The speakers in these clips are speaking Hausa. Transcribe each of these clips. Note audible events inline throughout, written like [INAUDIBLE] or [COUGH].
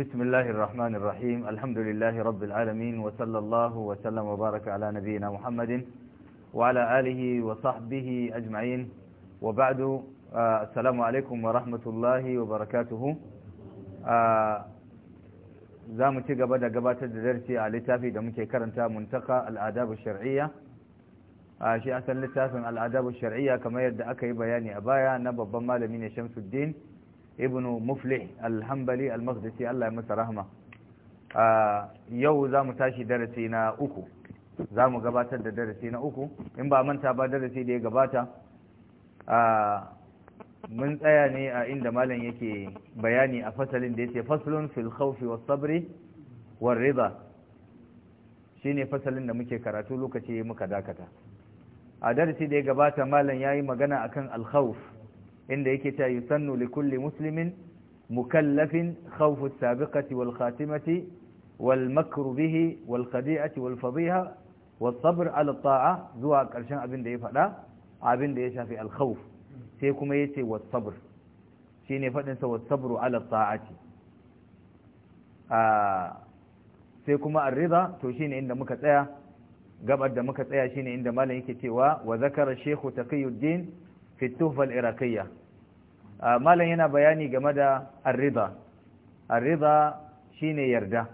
بسم الله الرحمن الرحيم الحمد لله رب العالمين وصلى الله وسلم وبارك على نبينا محمد وعلى آله وصحبه أجمعين وبعد السلام عليكم ورحمة الله وبركاته za mu ci gaba da gabatar da darsi a littafi da muke karanta muntaka al'adabu shar'iyya a uh, shi asan littafin al'adabu shar'iyya kamar yadda aka yi bayani a baya na babban malami ne shamsuddin ibn muflih alhambali almaqdisi Allah ya masa rahma yau za mu tashi darasi na uku za mu gabatar da darasi na uku in ba manta ba darasi da ya gabata mun tsaya ne a inda malam yake bayani a fasalin da yake faslun fil khawfi was sabri war rida shine fasalin da muke karatu lokaci muka dakata a darasi da ya gabata malam yayi magana akan al khawf عند يكتا يسن لكل مسلم مكلف خوف السابقة والخاتمة والمكر به والخديئة والفضيحة والصبر على الطاعة ذو أكرشان أبن دي فعلا أبن دي شافي الخوف سيكم يتي والصبر سيني فعلا سوى الصبر على الطاعة آآ آه، سيكم الرضا توشيني عند مكتايا قبل مكتايا شيني عند مالا يكتوا وذكر الشيخ تقي الدين في التوفة العراقية Ah, malam yana bayani game da arriba arriba shine yarda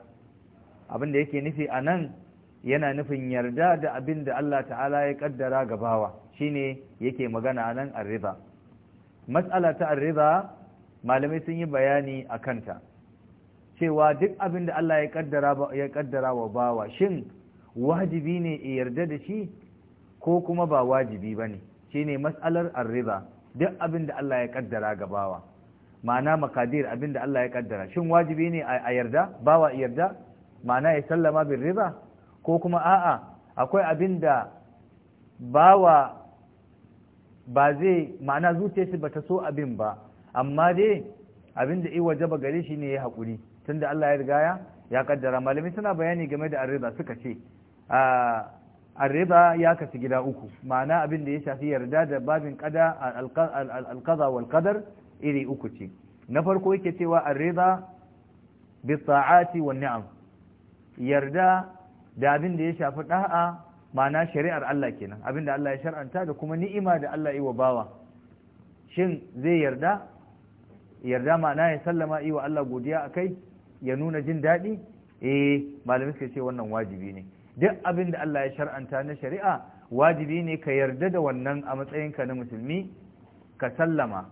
abin da yake nufi a nan yana nufin yarda da abin da Allah ta'ala ya kaddara ga bawa shine yake magana a nan arriba matsala ta arriba malamai sun yi bayani a kanta cewa duk abin da Allah ya kaddara ya wa bawa shin wajibi ne yarda da shi ko kuma ba wajibi bane shine matsalar arriba duk abin da Allah ya kaddara ga bawa ma'ana makadir abin da Allah ya kaddara shin wajibi ne a yarda bawa yarda ma'ana ya sallama bin riba ko kuma a'a akwai abin da bawa ba zai ma'ana zuciyarsa bata so abin ba amma dai abin da iwa jaba gare shi ne ya haƙuri tunda Allah ya riga ya kaddara malami suna bayani game da arriba suka ce a arriba ya kasu gida uku ma'ana abin da ya shafi yarda da babin kada alqaza wal qadar iri uku ce na farko yake cewa arriba bi sa'ati wa ni'am yarda da abin da ya shafi da'a ma'ana shari'ar Allah kenan abin da Allah ya shar'anta da kuma ni'ima da Allah yi wa bawa shin zai yarda yarda ma'ana ya sallama yi wa Allah godiya akai ya nuna jin daɗi eh malamai suka ce wannan wajibi ne duk abin da Allah ya shar'anta na shari'a wajibi ne ka yarda da wannan a matsayinka na musulmi ka sallama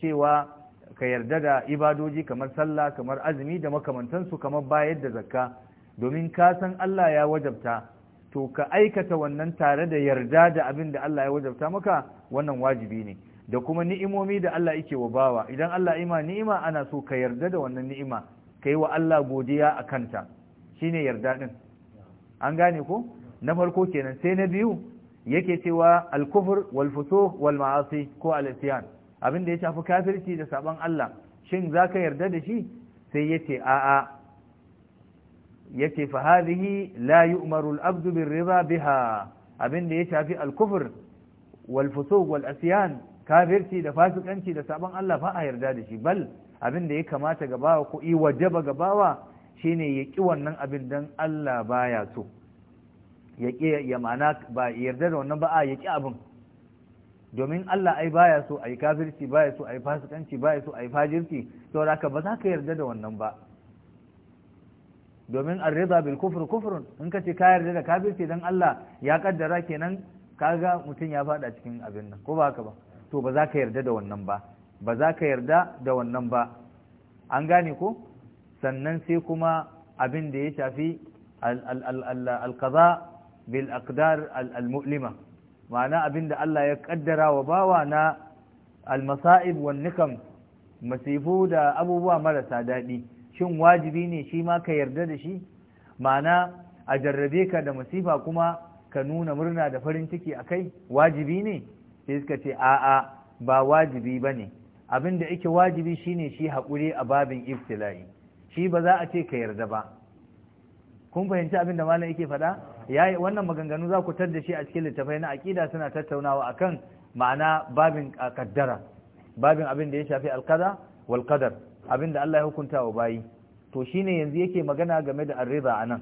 cewa ka yarda da ibadoji kamar sallah kamar azumi da makamantansu kamar bayar da zakka domin ka san Allah ya wajabta to ka aikata wannan tare da yarda da abin da Allah ya wajabta maka wannan wajibi ne da kuma ni'imomi da Allah yake wa bawa idan Allah ima ni'ima ana so ka yarda da wannan ni'ima ka yi wa Allah godiya a kanta shine yarda din an gane ko na farko kenan sai na biyu yake cewa al-kufr wal fusuq wal ma'asi ko al-isyan abin da ya shafi kafirci da saban Allah shin zaka yarda da shi sai yace a'a yace fa hadhihi la yu'maru al-abd bil ridha biha abin da ya shafi al-kufr wal fusuq wal asyan kafirci da fasikanci da saban Allah fa a yarda da shi bal abin da ya kamata gabawa ko i wajaba gabawa ne ya ƙi wannan abin don Allah baya so ya ƙi ya ma'ana ba yarda da wannan ba a ya ƙi abin domin Allah ai baya so ai kafirci baya so ai fasikanci baya so ai fajirci da haka ba za ka yarda da wannan ba domin arriba bil kufur kufrun in ka ce ka yarda da kafirci don Allah ya kaddara kenan kaga mutum ya fada cikin abin nan ko ba ka ba to ba za ka yarda da wannan ba ba za ka yarda da wannan ba an gane ko sannan sai kuma abin da ya shafi alkaza bil aqdar al-mu'lima ma'ana abin da Allah ya kaddara wa bawa na al-masa'ib wan nikam masifu da abubuwa marasa daɗi shin wajibi ne shi ma ka yarda da shi ma'ana a jarrabe ka da masifa kuma ka nuna murna da farin ciki a kai wajibi ne sai suka ce a'a ba wajibi ba ne abin da yake wajibi shine shi haƙuri a babin iftilai. shi ba za a ce ka yarda ba kun fahimci abin da malam yake faɗa yayi wannan maganganu za ku tar da shi a cikin littafai na aqida suna tattaunawa akan ma'ana babin kaddara babin abin da ya shafi alqada wal qadar abin da Allah ya hukunta wa bayi to shine yanzu yake magana game da ar-riba anan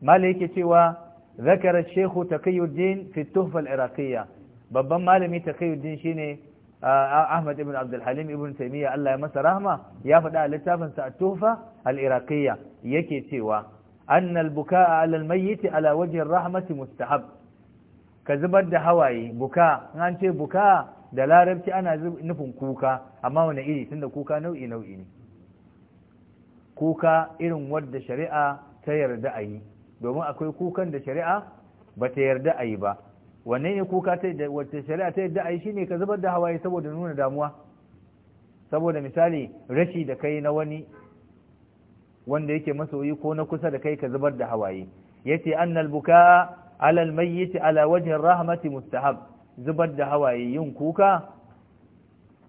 malam yake cewa zakara shaykhu taqiyuddin fi tuhfa al iraqiyya babban malami taqiyuddin shine Ahmad ibn Abdul Halim ibn Taymiyyah Allah ya masa rahma ya faɗa a littafin sa a tufa al-Iraqiyya yake cewa anna al-bukaa 'ala al-mayyit 'ala wajhi ar-rahmati mustahab ka zubar da hawaye buka an ce buka da larabci ana nufin kuka amma wani iri tunda kuka nau'i nau'i ne kuka irin wadda shari'a ta yarda a yi domin akwai kukan da shari'a ba ta yarda a yi ba wanne ne kuka ta yadda wacce shari'a ta yadda ai shine ka zubar da hawaye saboda nuna damuwa saboda misali rashi da kai na wani wanda yake masoyi ko na kusa da kai ka zubar da hawaye yace annal buka ala almayyit ala wajhi rahmati mustahab zubar da hawaye yin kuka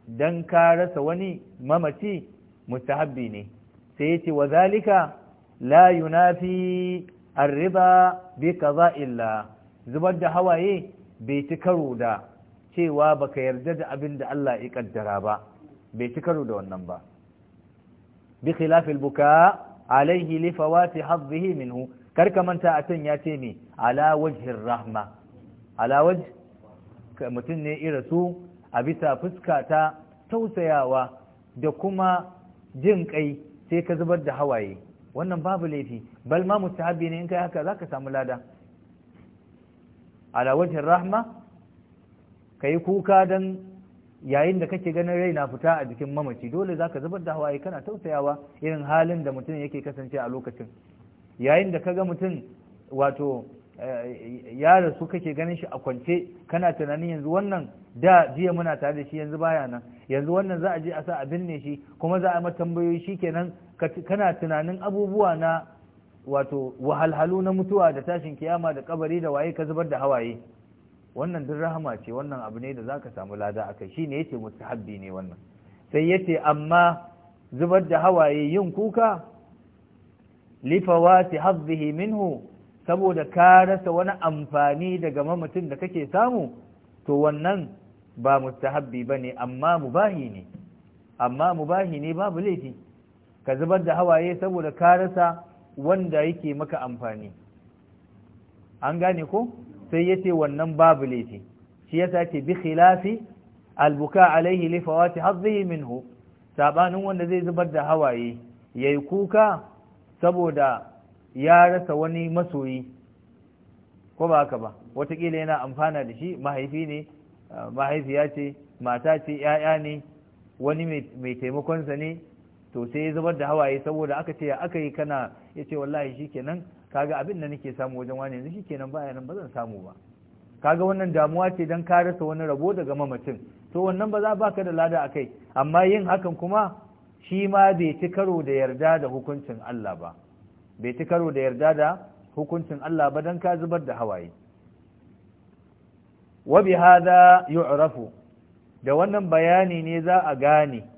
dan ka rasa wani mamaci mustahabbi ne sai yace wazalika la yunafi arriba bi qada'illah zubar da hawaye bai ci karo da cewa baka yarda da abin da Allah ya kaddara ba bai ci karo da wannan ba bi khilafil buka alaihi li fawati hadhihi minhu ka manta a can ya ce ni, ala wajhir rahma ala wajh mutum ne irasu a bisa fuska ta tausayawa da kuma jin kai sai ka zubar da hawaye wannan babu laifi bal ma ne in kai haka zaka samu lada ala wajhir rahma kai kuka dan yayin da kake ganin rai na fita a jikin mamaci dole zaka zubar da hawaye kana tausayawa irin halin da mutum yake kasance a lokacin yayin da kaga mutum wato eh, ya rasu kake ganin shi a kwance kana tunanin yanzu wannan da jiya muna tare da shi yanzu baya nan yanzu wannan za a je a sa a binne shi kuma za a yi tambayoyi kenan kana tunanin abubuwa na wato wahalhalu na mutuwa da tashin kiyama da kabari da waye ka zubar da hawaye wannan duk rahama ce wannan abu ne da zaka samu lada akai shine yace mustahabbi ne wannan sai yace amma zubar da hawaye yin kuka fawati hadhihi minhu saboda ka rasa wani amfani daga mamacin da kake samu to wannan ba mustahabbi bane amma mubahi ne amma mubahi ne babu laifi ka zubar da hawaye saboda ka rasa wanda yake maka amfani an gane ko sai yace wannan babu laifi shi yasa yake bi khilafi albuka alaihi li fawati hadhihi minhu sabanin wanda zai zubar da hawaye yayi kuka saboda ya rasa wani masoyi ko ba haka ba watakila yana amfana da shi mahaifi ne mahaifiya ce mata ce ‘ya'ya ne wani mai taimakonsa ne to sai ya zubar da hawaye saboda aka ce aka yi kana ya ce wallahi kenan kaga abin da nake samu wajen wani yanzu shikenan baya nan ba zan samu ba kaga wannan damuwa ce dan ka rasa wani rabo daga mamacin to wannan ba za ba ka da lada a kai amma yin hakan kuma shi ma bai ci karo da yarda da hukuncin Allah ba bai ci karo da yarda da hukuncin Allah ba dan ka zubar da hawaye wa bi hada yu'rafu da wannan bayani ne za a gane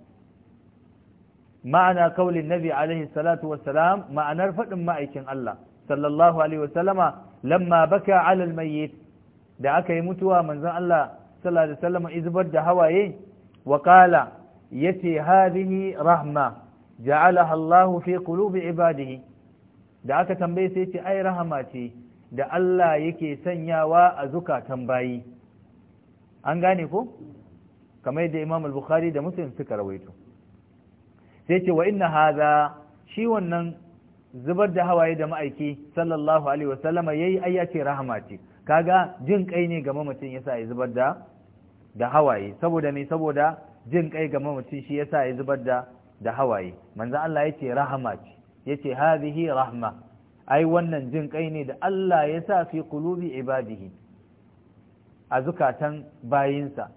ma'ana kaulin nabi alaihi salatu wassalam ma'anar faɗin ma'aikin Allah sallallahu alaihi wasallama lamma baka alal mayyit da aka yi mutuwa manzon Allah sallallahu alaihi wasallama izbar da hawaye wa qala yace hadhihi rahma ja'alaha Allah fi qulubi ibadihi da aka tambaye sai ce ai rahama ce da Allah yake sanyawa a zukatan bayi an gane ko kamar yadda Imam al-Bukhari da Muslim suka rawaito sai ce wa inna haza shi wannan zubar da hawaye da ma'aiki sallallahu alaihi wasallama yayi ai yace rahama ce kaga jin kai ne ga mamacin yasa ya zubar da da hawaye saboda me saboda jin kai ga mamacin shi yasa ya zubar da da hawaye manzo Allah yace rahama ce yace hadhihi rahma ai wannan jin kai ne da Allah ya sa fi qulubi ibadihi a zukatan bayinsa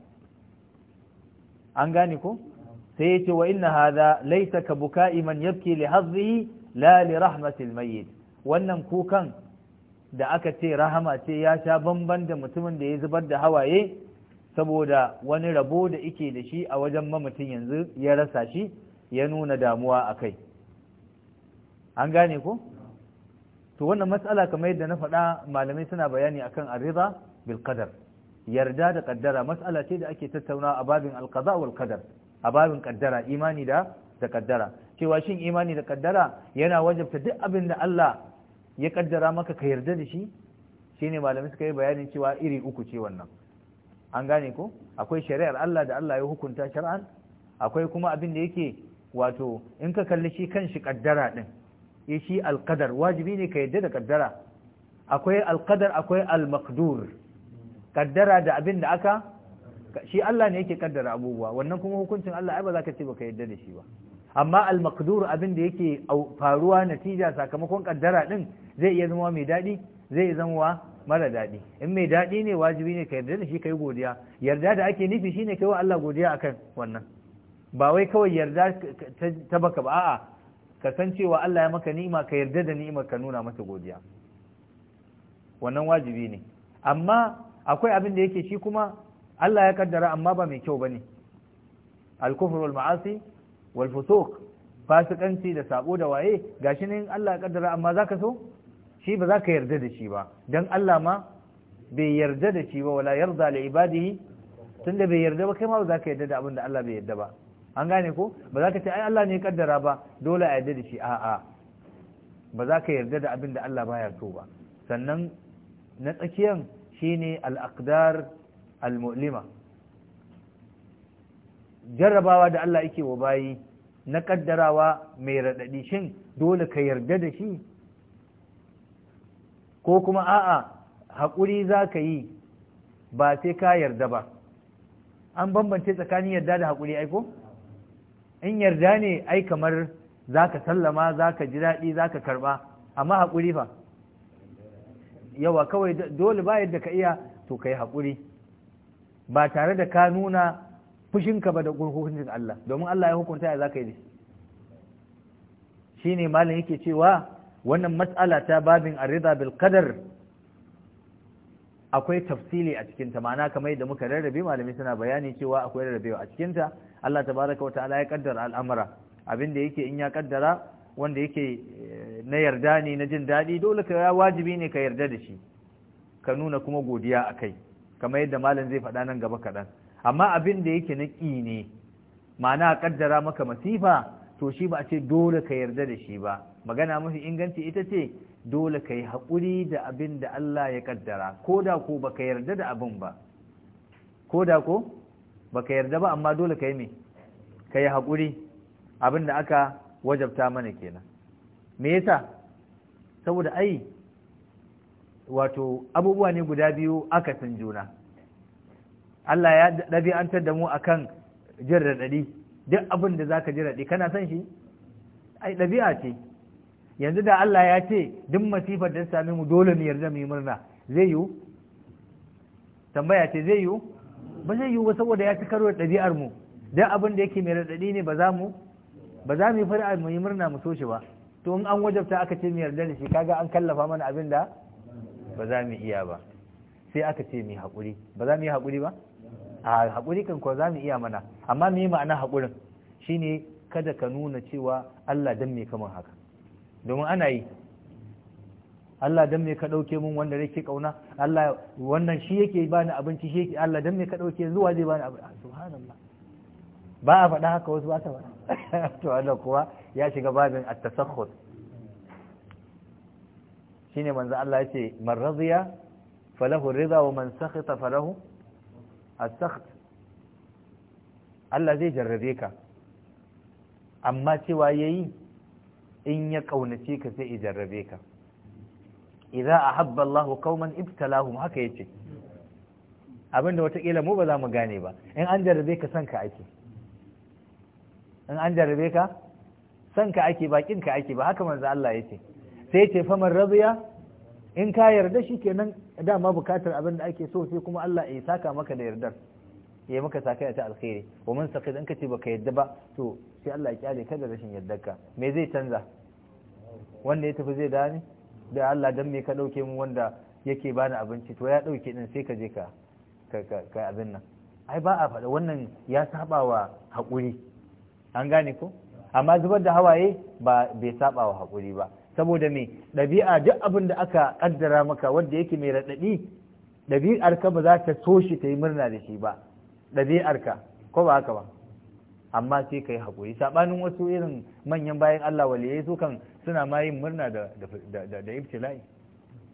an gane ko sai ce wa inna hadha laysa ka buka'i man yabki li hazzihi la li rahmatil mayyit wannan kukan da aka ce rahama ce ya sha bamban da mutumin da ya zubar da hawaye saboda wani rabo da ike da shi a wajen mamutin yanzu ya rasa shi ya nuna damuwa a kai an gane ko to wannan matsala kamar yadda na faɗa malamai suna bayani akan ariza bil qadar yarda da kaddara matsala ce da ake tattauna a babin alqada wal qadar a babin kaddara imani da da kaddara cewa shin imani da kaddara yana wajabta duk abin da Allah ya kaddara maka ka yarda da shi shine malamai suka yi bayanin cewa iri uku ce wannan an gane ko akwai shari'ar Allah da Allah ya hukunta shar'an akwai kuma abin da yake wato in ka kalli shi kan shi kaddara din eh shi alqadar wajibi ne ka yarda da kaddara akwai alqadar akwai almaqdur kaddara da abin da aka shi Allah ne yake kaddara abubuwa wannan kuma hukuncin Allah ai ba za ka ce baka yarda da shi ba amma al-maqdur abin da yake faruwa natija sakamakon kaddara din zai iya zama mai dadi zai zama mara dadi in mai dadi ne wajibi ne ka yarda da shi kai godiya yarda da ake nufi shine kai wa Allah godiya akan wannan ba wai kawai yarda ta baka ba a'a ka san cewa Allah ya maka ni'ima ka yarda da ni'imar ka nuna masa godiya wannan wajibi ne amma akwai abin da yake shi kuma Allah ya kaddara amma ba mai kyau ba al-kufru wal ma'asi wal fusuq fasikanci da sabo da waye gashi ne Allah ya kaddara amma zaka so shi ba zaka yarda da shi ba dan Allah ma bai yarda da shi ba wala yarda li ibadihi tunda bai yarda ba kai ma ba zaka yarda da abin da Allah bai yarda ba an gane ko ba za ka ce ai Allah ne ya kaddara ba dole a yarda da shi a'a ba za ka yarda da abin da Allah baya so ba sannan na tsakiyan shine al-aqdar Almulima. mulima jarrabawa da Allah yake wa bayi na kaddarawa mai raɗaɗi shin dole ka yarda da shi ko kuma a'a haƙuri za ka yi ba sai ka yarda ba an bambance tsakanin yarda da haƙuri aiko in yarda ne ai kamar za ka sallama za ka ji daɗi za ka karɓa amma haƙuri fa yawa kawai dole ba yadda ka iya to ka yi haƙuri ba tare da ka nuna fushinka ba da hukuncin Allah domin Allah ya hukunta ya zaka yi Shi ne malam yake cewa wannan matsala ta babin ar bil akwai tafsili a cikinta, ma'ana kamar yadda muka rarrabe malami suna bayani cewa akwai rarrabewa a cikinta. Allah ta baraka wata ala ta'ala ya kaddara al'amura, abin da yake in ya kaddara wanda yake eh, na yarda ne na jin daɗi dole ka wajibi ne ka yarda da shi ka nuna kuma godiya a kai kamar yadda malam zai faɗa nan gaba kaɗan amma abin da yake na ƙi ne ma'ana a ƙaddara maka masifa to shi ba a ce dole ka yarda da shi ba magana mafi inganci ita ce dole ka yi haƙuri da abin da Allah ya ƙaddara ko da ko ba ka yarda da abin ba ko da ko ba ka yarda ba amma dole ka yi me ka yi haƙuri abin da aka wajabta mana kenan me yasa saboda ai wato abubuwa ne guda biyu akasin juna Allah ya ɗabi'antar da mu akan jin raɗaɗi duk abin da zaka ji raɗi kana son shi ai ɗabi'a ce yanzu da Allah ya ce duk masifar da sami mu dole mu yarda mu yi murna zai yiwu tambaya ce zai yiwu ba zai yiwu ba saboda ya ci karo da ɗabi'ar mu duk abin da yake mai ne ba za mu ba za mu yi fara mu yi murna mu so shi ba to in an wajabta aka ce mu yarda da shi kaga an kallafa mana abin da ba za mu iya ba sai aka ce mai haƙuri ba za mu yi haƙuri ba a haƙuri kan kuwa za mu iya mana amma mu yi ma'ana haƙurin shine kada ka nuna cewa Allah dan me kaman haka domin ana yi Allah dan me ka ɗauke mun wanda ke ƙauna, Allah wannan shi yake bani abinci shi yake Allah dan me ka ɗauke zuwa zai bani abinci ah, subhanallah ba a faɗa haka wasu ba ta faɗa [LAUGHS] to Allah kuwa ya shiga babin at-tasakhkhut shine manzo Allah yace man radiya falahu ridha wa man sakhita falahu as-sakht Allah zai jarrabe ka amma cewa yayi in ya kaunace ka sai ya jarrabe ka idza ahabba Allahu qauman ibtalahum haka yace abinda watakila mu ba za mu gane ba in an jarrabe ka san ka ake in an jarrabe ka san ka ake ba kin ka ake ba haka manzo Allah yace sai ce faman rabiya in ka yarda shi kenan dama bukatar abin da ake so sai kuma Allah ya saka maka da yardar ya maka saka ta alkhairi wa man ka dan kace baka yarda ba to sai Allah ya kyale ka da rashin ka me zai canza wanda ya tafi zai dani da Allah dan me ka dauke mu wanda yake bani abinci to ya dauke din sai ka je ka ka abin nan ai ba a faɗa wannan ya saba wa haƙuri an gane ko amma zubar da hawaye ba bai saba wa haƙuri ba saboda me ɗabi'a duk abin da aka kaddara maka wanda yake mai raɗaɗi ɗabi'ar ka ba za ta so shi ta yi murna da shi ba ɗabi'arka ko ba haka ba amma sai ka yi haƙuri saɓanin wasu irin manyan bayan Allah waliyai su kan suna ma yin murna da da ibtila'i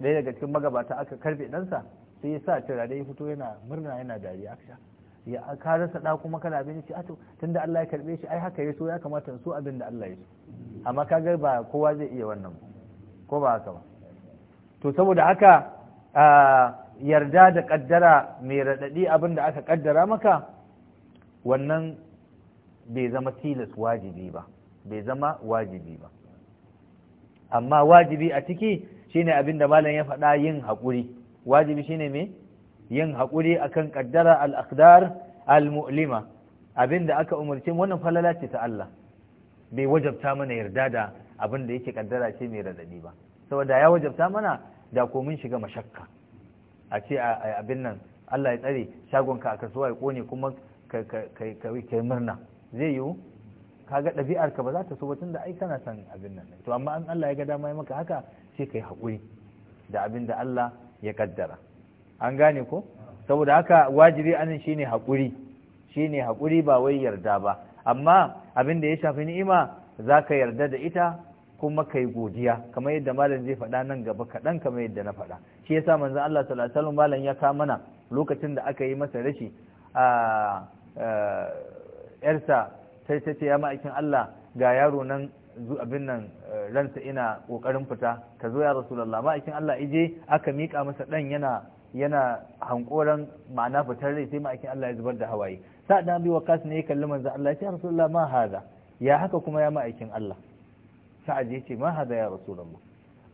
ɗaya daga cikin magabata aka karfe ɗansa sai ya sa da ya fito yana murna yana dariya aka ya ka rasa da kuma kana abin shi to tunda Allah ya karbe shi ai haka ya so ya kamata na so abin da Allah ya so amma kaga ba kowa zai iya wannan ko ba haka ba to saboda haka yarda da kaddara mai raɗaɗi abin da aka kaddara maka wannan bai zama tilas wajibi ba bai zama wajibi ba amma wajibi a ciki shine abin malam ya faɗa yin haƙuri wajibi shine me yin haƙuri akan kaddara al-aqdar al-mu'lima abin da aka umarci wannan falala ce ta Allah bai wajabta mana yarda da abin da yake kaddara ce mai radadi ba saboda ya wajabta mana da ko mun shiga mashakka a ce abin nan Allah ya tsare shagonka a kasuwa ya kone kuma ka kai murna zai yiwu kaga ɗabi'arka ba za ta so tun da ai kana son abin nan to amma an Allah ya ga dama ya maka haka sai kai haƙuri da abin da Allah ya kaddara an gane ko saboda haka wajibi anan shine haƙuri shine haƙuri ba wai yarda ba amma abin da ya shafi ni'ima za ka yarda da ita kuma ka yi godiya kamar yadda malam zai faɗa nan gaba kaɗan kamar yadda na faɗa shi ya sa manzan Allah salatu malam ya kawo mana lokacin da aka yi masa rashi a yarsa sai ta ce ya ma'aikin Allah ga yaro nan zu abin nan eh, ransa ina kokarin fita ka zo ya rasulullah ma'aikin Allah ije aka mika masa ɗan yana yana hankoran ma'ana fitar rai sai ma'aikin Allah ya zubar da hawaye sa'ad abi waqas ne ya kalli manzo Allah ya ce rasulullah ma hada ya haka kuma ya ma'aikin Allah sa'ad ya ce ma hada ya rasulullah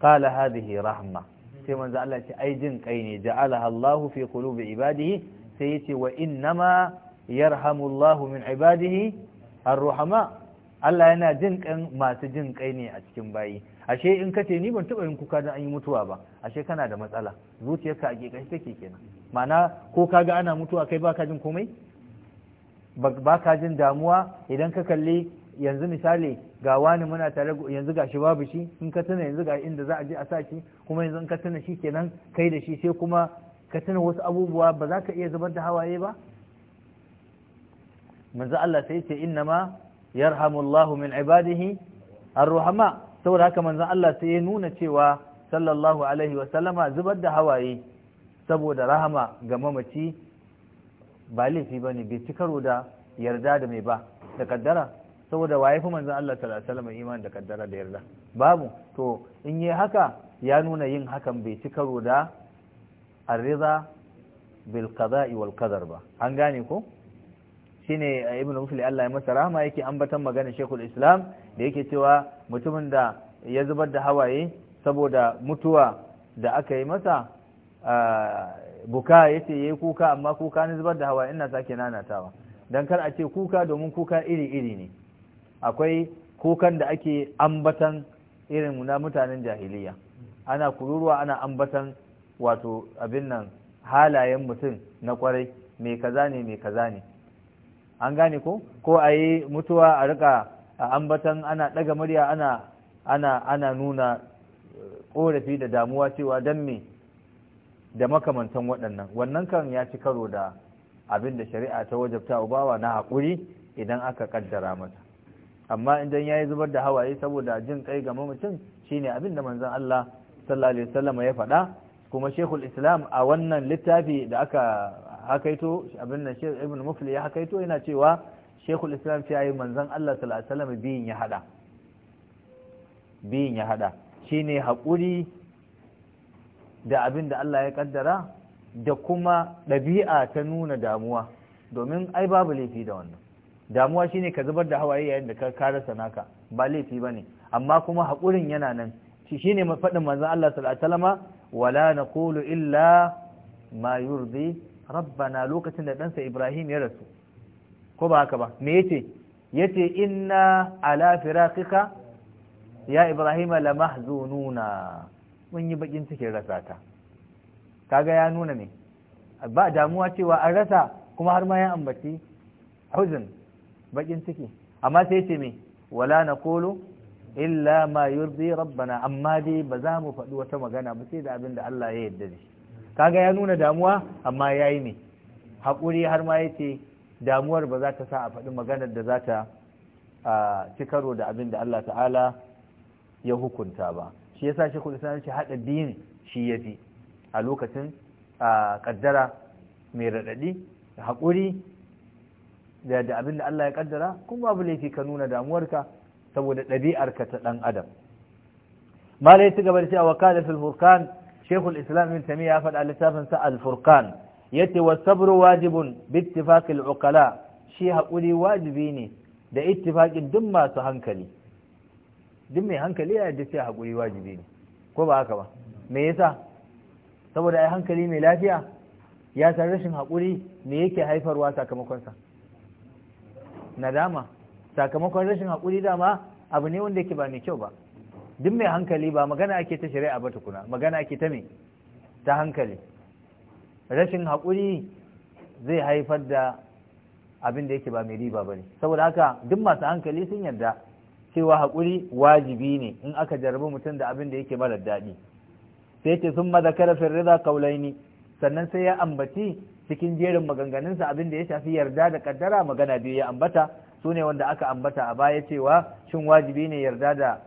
qala hadhihi rahma sai manzo Allah ya ce ai jin kai ne ja'alaha Allah fi qulubi ibadihi sai ya ce wa innama yarhamu Allahu min ibadihi ar-ruhama Allah yana jin kan masu jin kai ne a cikin bayi ashe in kace ni ban taba yin kuka dan an yi mutuwa ba ashe kana da matsala zuciyarka a gekan take kenan ma'ana ko kaga ana mutuwa kai baka jin komai ba ka jin damuwa idan ka kalli yanzu misali ga wani muna tare yanzu ga shi babu shi in ka tuna yanzu ga inda za a je a sa shi kuma yanzu in ka tuna shi kenan kai da shi sai kuma ka tuna wasu abubuwa ba za ka iya zubar da hawaye ba manzo Allah sai ce inna ma yarhamullahu min ibadihi arrahama saboda haka manzo Allah sai ya nuna cewa sallallahu alaihi wa sallama zubar da hawaye saboda rahama ga mamaci ba laifi ba ne bai ci karo da yarda da mai ba da kaddara saboda waye fi manzon Allah sallallahu alaihi wasallam iman da kaddara da yarda babu to in yi haka ya nuna yin hakan bai ci karo da arriza bil qada'i wal qadar ba an gane ko shine ibn mufli Allah ya masa rahama yake ambatan magana shekul islam da yake cewa mutumin da ya zubar da hawaye saboda mutuwa da aka yi masa buka ya yace yayi kuka amma kuka ni zubar da hawa ina sake nanatawa dan kar a ce kuka domin kuka iri iri ne akwai kukan da ake ambatan irin na mutanen jahiliya ana kururuwa ana ambatan wato abin nan halayen mutum na kwarai mai kaza ne mai kaza ne an gane ko ko a yi mutuwa a rika a ambatan ana daga murya ana ana nuna korafi eh, da damuwa cewa don me da makamantan waɗannan wannan kan ya ci karo da abin da shari'a ta wajabta ubawa na haƙuri idan aka kaddara mata amma idan ya yi zubar da hawaye saboda jin kai ga mamacin shine abin da manzan Allah sallallahu alaihi ya faɗa kuma shekul islam a wannan littafi da aka hakaito abin da shekul ibn mufli ya hakaito yana cewa shekul islam sai ayi manzan Allah sallallahu alaihi biyin ya hada biyin ya hada shine hakuri. da abin da Allah ya kaddara da kuma ɗabi'a ta nuna damuwa domin ai babu laifi da wannan damuwa shine ka zubar da hawaye yayin da ka rasa naka ba laifi bane amma kuma haƙurin yana nan shi shine faɗin manzon Allah sallallahu alaihi wasallama wala naqulu illa ma yurdi rabbana lokacin da ɗansa Ibrahim ya rasu ko ba haka ba me yace yace inna ala firaqika ya Ibrahim lamahzununa mun yi bakin cikin rasa ta kaga ya nuna ne ba damuwa cewa an rasa kuma har ma ya ambaci huzun bakin ciki amma sai ce me wala naqulu illa ma yurdi rabbana amma dai ba za mu faɗi wata magana ba sai da abin da Allah ya yarda da shi kaga ya nuna damuwa amma yayi ne haƙuri har ma yace damuwar ba za ta sa a faɗi maganar da za ta ci karo da abin da Allah ta'ala ya hukunta ba shi yasa shi kudu sanar shi haɗa biyun shi ya fi a lokacin ƙaddara mai raɗaɗi da haƙuri da abin da Allah ya ƙaddara kuma babu laifi ka nuna damuwarka saboda ɗabi'arka ta ɗan adam mala ya ci gaba da cewa wakala fil furkan shaykhul islam ibn tamiya ya faɗa littafin sa al furqan yace wa sabru wajibun bi ittifaqil uqala shi haƙuri wajibi ne da ittifaqin duk masu hankali duk mai hankali ya yarda sai haƙuri wajibi ne ko ba haka ba me yasa saboda ai hankali mai lafiya ya san rashin haƙuri me yake haifarwa sakamakonsa nadama sakamakon rashin haƙuri dama abu ne wanda yake ba mai kyau ba duk mai hankali ba magana ake ta shari'a ba tukuna magana ake ta me ta hankali rashin haƙuri zai haifar da abin da yake ba mai riba ba ne saboda haka duk masu hankali sun yarda cewa hakuri wajibi ne in aka jarabi mutum da abin da yake mara daɗi sai ce sun mazakara firrida kaulaini sannan sai ya ambaci cikin jerin maganganunsa abin da ya shafi yarda da kaddara magana biyu ya ambata su ne wanda aka ambata a baya cewa shin wajibi ne yarda da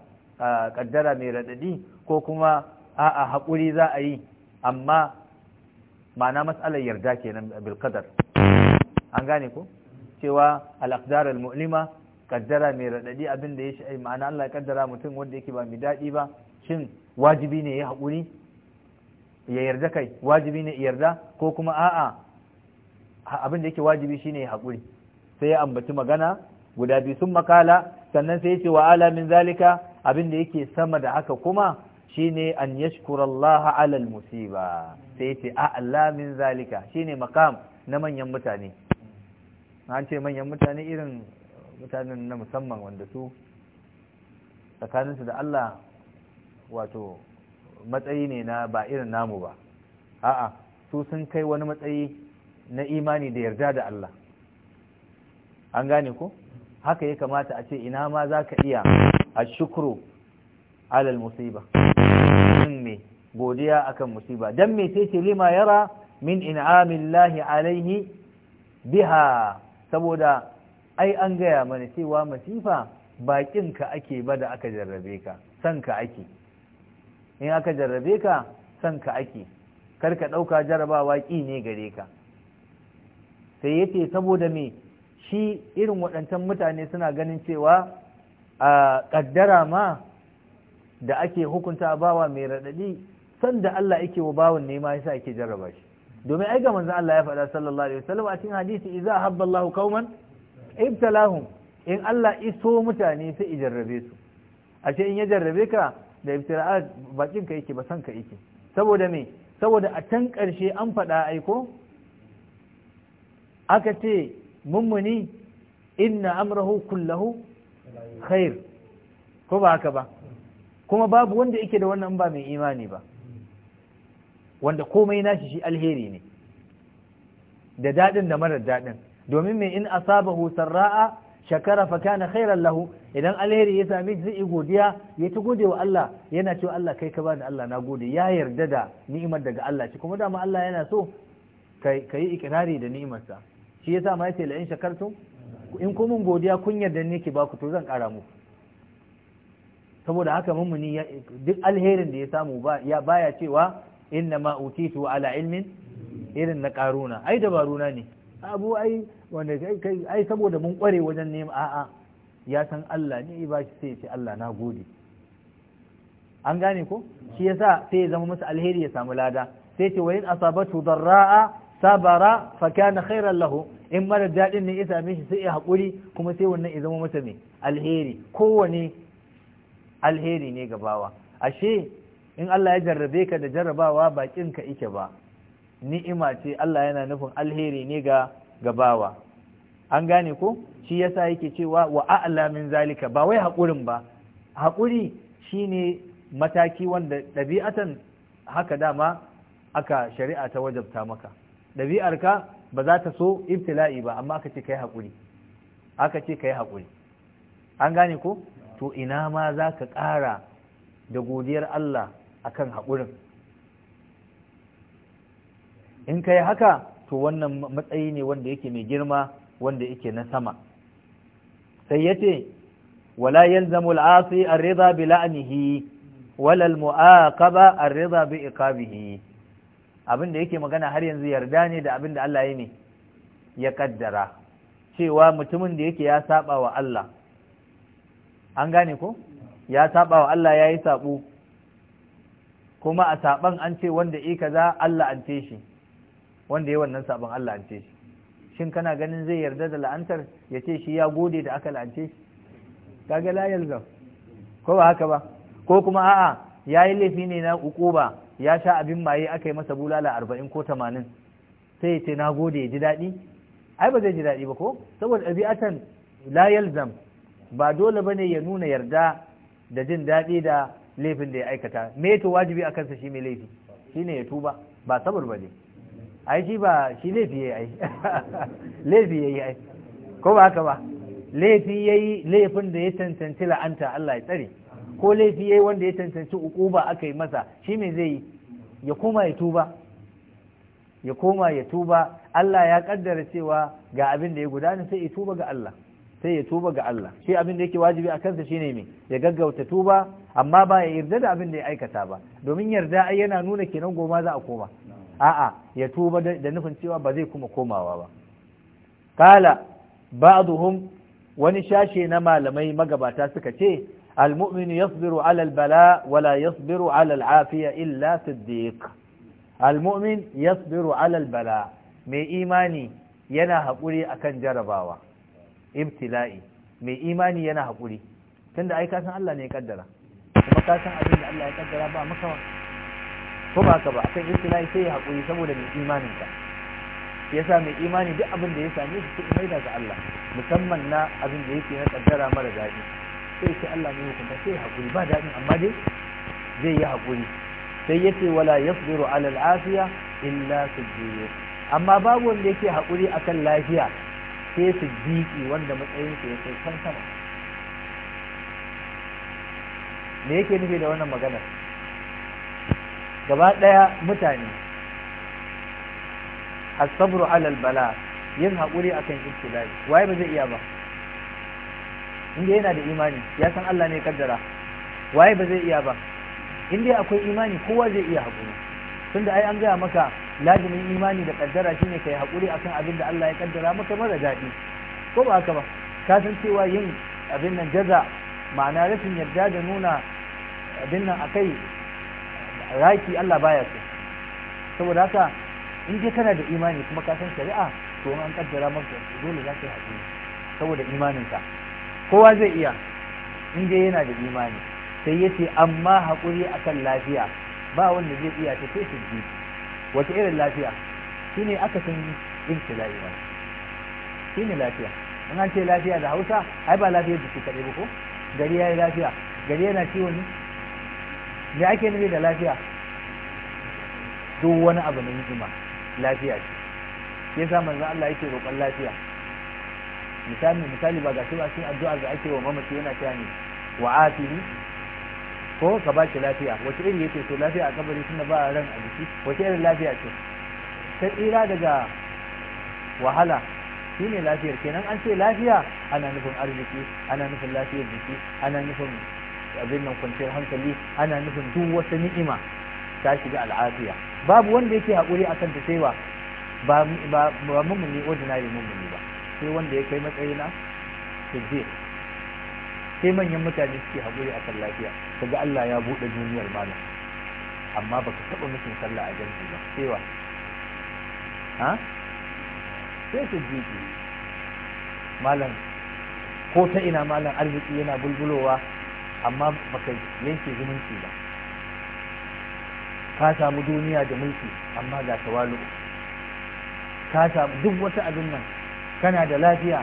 kaddara mai raɗaɗi ko kuma a'a haƙuri za a yi amma ma'ana matsalar yarda kenan bilkadar an gane ko cewa al-aqdar mulima kaddara mai raɗaɗi abin da ya shi ma'ana Allah ya kaddara mutum wanda yake ba mai daɗi ba shin wajibi ne ya haƙuri ya yarda kai wajibi ne yarda ko kuma a'a abin da yake wajibi shine ya haƙuri sai ya ambaci magana guda biyu sun makala sannan sai ya ce wa min zalika abin da yake sama da haka kuma shine an Allah ala musiba sai ya ce a'la min zalika shine makam na manyan mutane an ce manyan mutane irin mutanen na musamman wanda su tsakaninsu da Allah wato matsayi ne na ba irin namu ba a'a su sun kai wani matsayi na imani da yarda da Allah an gane ko haka ya kamata a ce ina ma za ka iya a shukuru alal musiba yin me godiya akan musiba don me sai ce lima yara min in'amillahi alaihi biha saboda ai an gaya mana cewa masifa bakin ka ake ba da aka jarrabe ka san ka ake in aka jarrabe ka san ka ake kar ka ɗauka jarrabawa ƙi ne gare ka sai yace saboda me shi irin waɗancan mutane suna ganin cewa a ƙaddara ma da ake hukunta bawa mai raɗaɗi sanda Allah yake wa bawan nema yasa ake jarraba shi domin ai ga manzon Allah ya faɗa sallallahu alaihi wasallam a cikin hadisi idza habballahu Allahu qauman ibtalahum in Allah iso mutane sai i jarrabe su ashe in ya jarrabe ka da ibtila'at bakin ka yake ba san ka yake saboda me saboda a can karshe an faɗa aiko aka ce mummuni inna amrahu kullahu khair ko ba haka ba kuma babu wanda yake da wannan ba mai imani ba wanda komai nashi shi alheri ne da daɗin da marar daɗin domin mai in asabahu ra'a, shakara fa na khairan lahu idan alheri ya sami zai godiya ya ta gode wa Allah yana cewa Allah kai ka bani Allah na gode ya yarda da ni'imar daga Allah ce kuma dama Allah yana so ka yi ikirari da ni'imarsa shi yasa ma yace la in shakartum in kuma godiya kun yarda ne ki baku to zan kara mu. saboda haka mummuni duk alherin da ya samu ba ya baya cewa inna ma utitu ala ilmin irin na karuna ai dabaruna ne abu ai wanda kai ai saboda mun kware wajen nema a'a ya san Allah ne ba shi sai ce Allah na gode an gane ko shi yasa sai ya zama masa alheri ya samu lada sai ce wayin asabatu darra'a sabara fa kana khairan lahu in mara dadin ne ya same shi sai ya hakuri kuma sai wannan ya zama masa mai alheri kowane alheri ne gabawa ashe in Allah ya jarrabe ka da jarrabawa bakin ka ike ba ni'ima ce Allah yana nufin alheri ne ga gabawa an gane ko shi yasa yake cewa wa a'la min zalika ba wai haƙurin ba haƙuri shine mataki wanda ɗabi'atan haka dama aka shari'a ta wajabta maka ɗabi'arka ba za ta so ibtila'i ba amma aka ce kai haƙuri aka ce kai haƙuri an gane ko to ina ma za ka ƙara da godiyar Allah akan haƙurin in kai haka to wannan matsayi ne wanda yake mai girma wanda yake na sama sai yace wala yalzamu al-asi ar-ridha bi la'nihi wala al-mu'aqaba ar-ridha bi iqabihi abinda yake magana har yanzu yarda ne da abinda Allah ya ne ya kaddara cewa mutumin da yake ya saba wa Allah an gane ko ya saba wa Allah yayi sabo kuma a saban an ce wanda i za Allah an ce shi wanda ya wannan sabon Allah an ce shi shin kana ganin zai yarda da la'antar ya ce shi ya gode da aka la'ance shi kaga la yalzam ko ba haka ba ko kuma a'a ya yi laifi ne na uku ba, ya sha abin maye aka yi masa bulala arba'in ko tamanin sai ya ce na gode ya ji daɗi ai ba zai ji daɗi ba ko saboda ɗabi'atan la yalzam ba dole ba ne ya nuna yarda da jin daɗi da laifin da ya aikata me to wajibi a kansa shi mai laifi shine ya tuba ba sabar ba ne ai shi ba shi laifi ya yi [LAUGHS] laifi ya yi ai ko ba haka ba laifi ya yi laifin da ya cancanci la'anta Allah ya tsare ko laifi ya yi wanda ya cancanci ukuba aka yi masa shi me zai yi ya koma ya tuba ya koma ya tuba Allah ya kaddara cewa ga abin da ya gudana sai ya tuba ga Allah sai ya tuba ga Allah shi abin da yake wajibi a kansa shine me ya gaggauta tuba amma ba ya yarda da abin da ya aikata ba domin yarda ai yana nuna kenan goma za a koma a'a ya tuba da nufin cewa ba zai kuma komawa ba kala ba'dhum wani shashe na malamai magabata suka ce المؤمن يصبر على البلاء ولا يصبر على العافية إلا في الضيق yasbiru يصبر على البلاء mai imani yana haƙuri akan jarabawa ibtila'i mai imani yana haƙuri tunda ai ka Allah ne ya kaddara kuma ka san abin da Allah ya kaddara ba makawa ko ba ka ba a kan istilahi sai ya haƙuri saboda mai imanin ka yasa mai imani duk abin da ya same shi sai maida ga Allah musamman na abin da yake na kaddara mara daɗi sai ce Allah ne hukunta sai ya haƙuri ba daɗin amma dai zai yi haƙuri sai ya ce wala yasbiru ala al'afiya illa sujjiyyu amma babu wanda yake haƙuri akan lafiya sai sujjiki wanda matsayinsa ya kai kan sama me yake nufi da wannan maganar gaba ɗaya mutane asabru alal bala yin haƙuri akan ibtila'i waye ba zai iya ba inda yana da imani ya san Allah ne kaddara waye ba zai iya ba inda akwai imani kowa zai iya haƙuri tunda ai an gaya maka lazimin imani da kaddara shine kai haƙuri akan abin da Allah ya kaddara maka mara daɗi ko ba haka ba ka san cewa yin abin nan jaza ma'ana rashin yarda da nuna abin nan akai raki Allah baya so saboda haka in dai kana da imani kuma ka san shari'a to an kaddara maka dole za ka yi haƙuri saboda imanin ka kowa zai iya in dai yana da imani sai ya ce amma haƙuri akan lafiya ba wanda zai iya ta sai su wata irin lafiya shi aka san ibtila'i ba shi ne lafiya in ce lafiya da hausa ai ba lafiyar jiki kaɗai ba ko gari ya yi lafiya gari yana ciwon me ake nufi da lafiya duk wani abu na hikima lafiya ce sa manzan Allah yake roƙon lafiya misali misali ba gashi ba cikin addu'a da ake wa mamaci yana cewa ne wa afihi ko ka ba shi lafiya wace iri yake so lafiya a kabari tunda ba ran a jiki wace irin lafiya ce ta tsira daga wahala shi ne lafiyar kenan an ce lafiya ana nufin arziki ana nufin lafiyar jiki ana nufin abin nan kwanciyar hankali ana nufin duk wata ni'ima ta shiga al'afiya babu wanda yake haƙuri akan ta sai ba ba mummuni ordinary mummuni ba sai wanda ya kai matsayi na siddiq sai manyan mutane suke haƙuri akan lafiya kaga Allah ya buɗe duniyar malam amma baka taɓa mutum sallah a jam'i ba sai ha sai ki. malam ko ta ina malam arziki yana bulbulowa amma baka yanke zumunci ba ka samu duniya da mulki amma ga tawalu ka samu duk wata abin nan kana da lafiya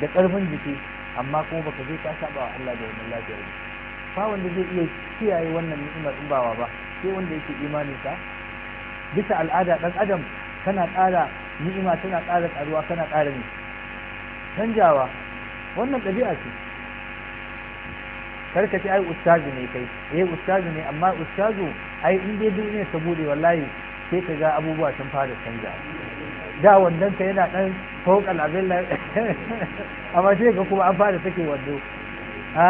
da ƙarfin jiki amma kuma baka je ka saba wa Allah da wannan lafiyar ba fa wanda zai iya kiyaye wannan ni'imar in bawa ba sai wanda yake imanin ka bisa al'ada dan adam kana ƙara ni'ima tana ƙara ƙaruwa kana ƙara ne canjawa wannan ɗabi'a ce kar ka ce ai ustazu ne kai eh ustazu ne amma ustazu ai in dai duniya ta bude wallahi sai ka ga abubuwa sun fara canza da wannan ka yana dan tokal abin nan [LAUGHS] amma sai ka kuma an fara take wando a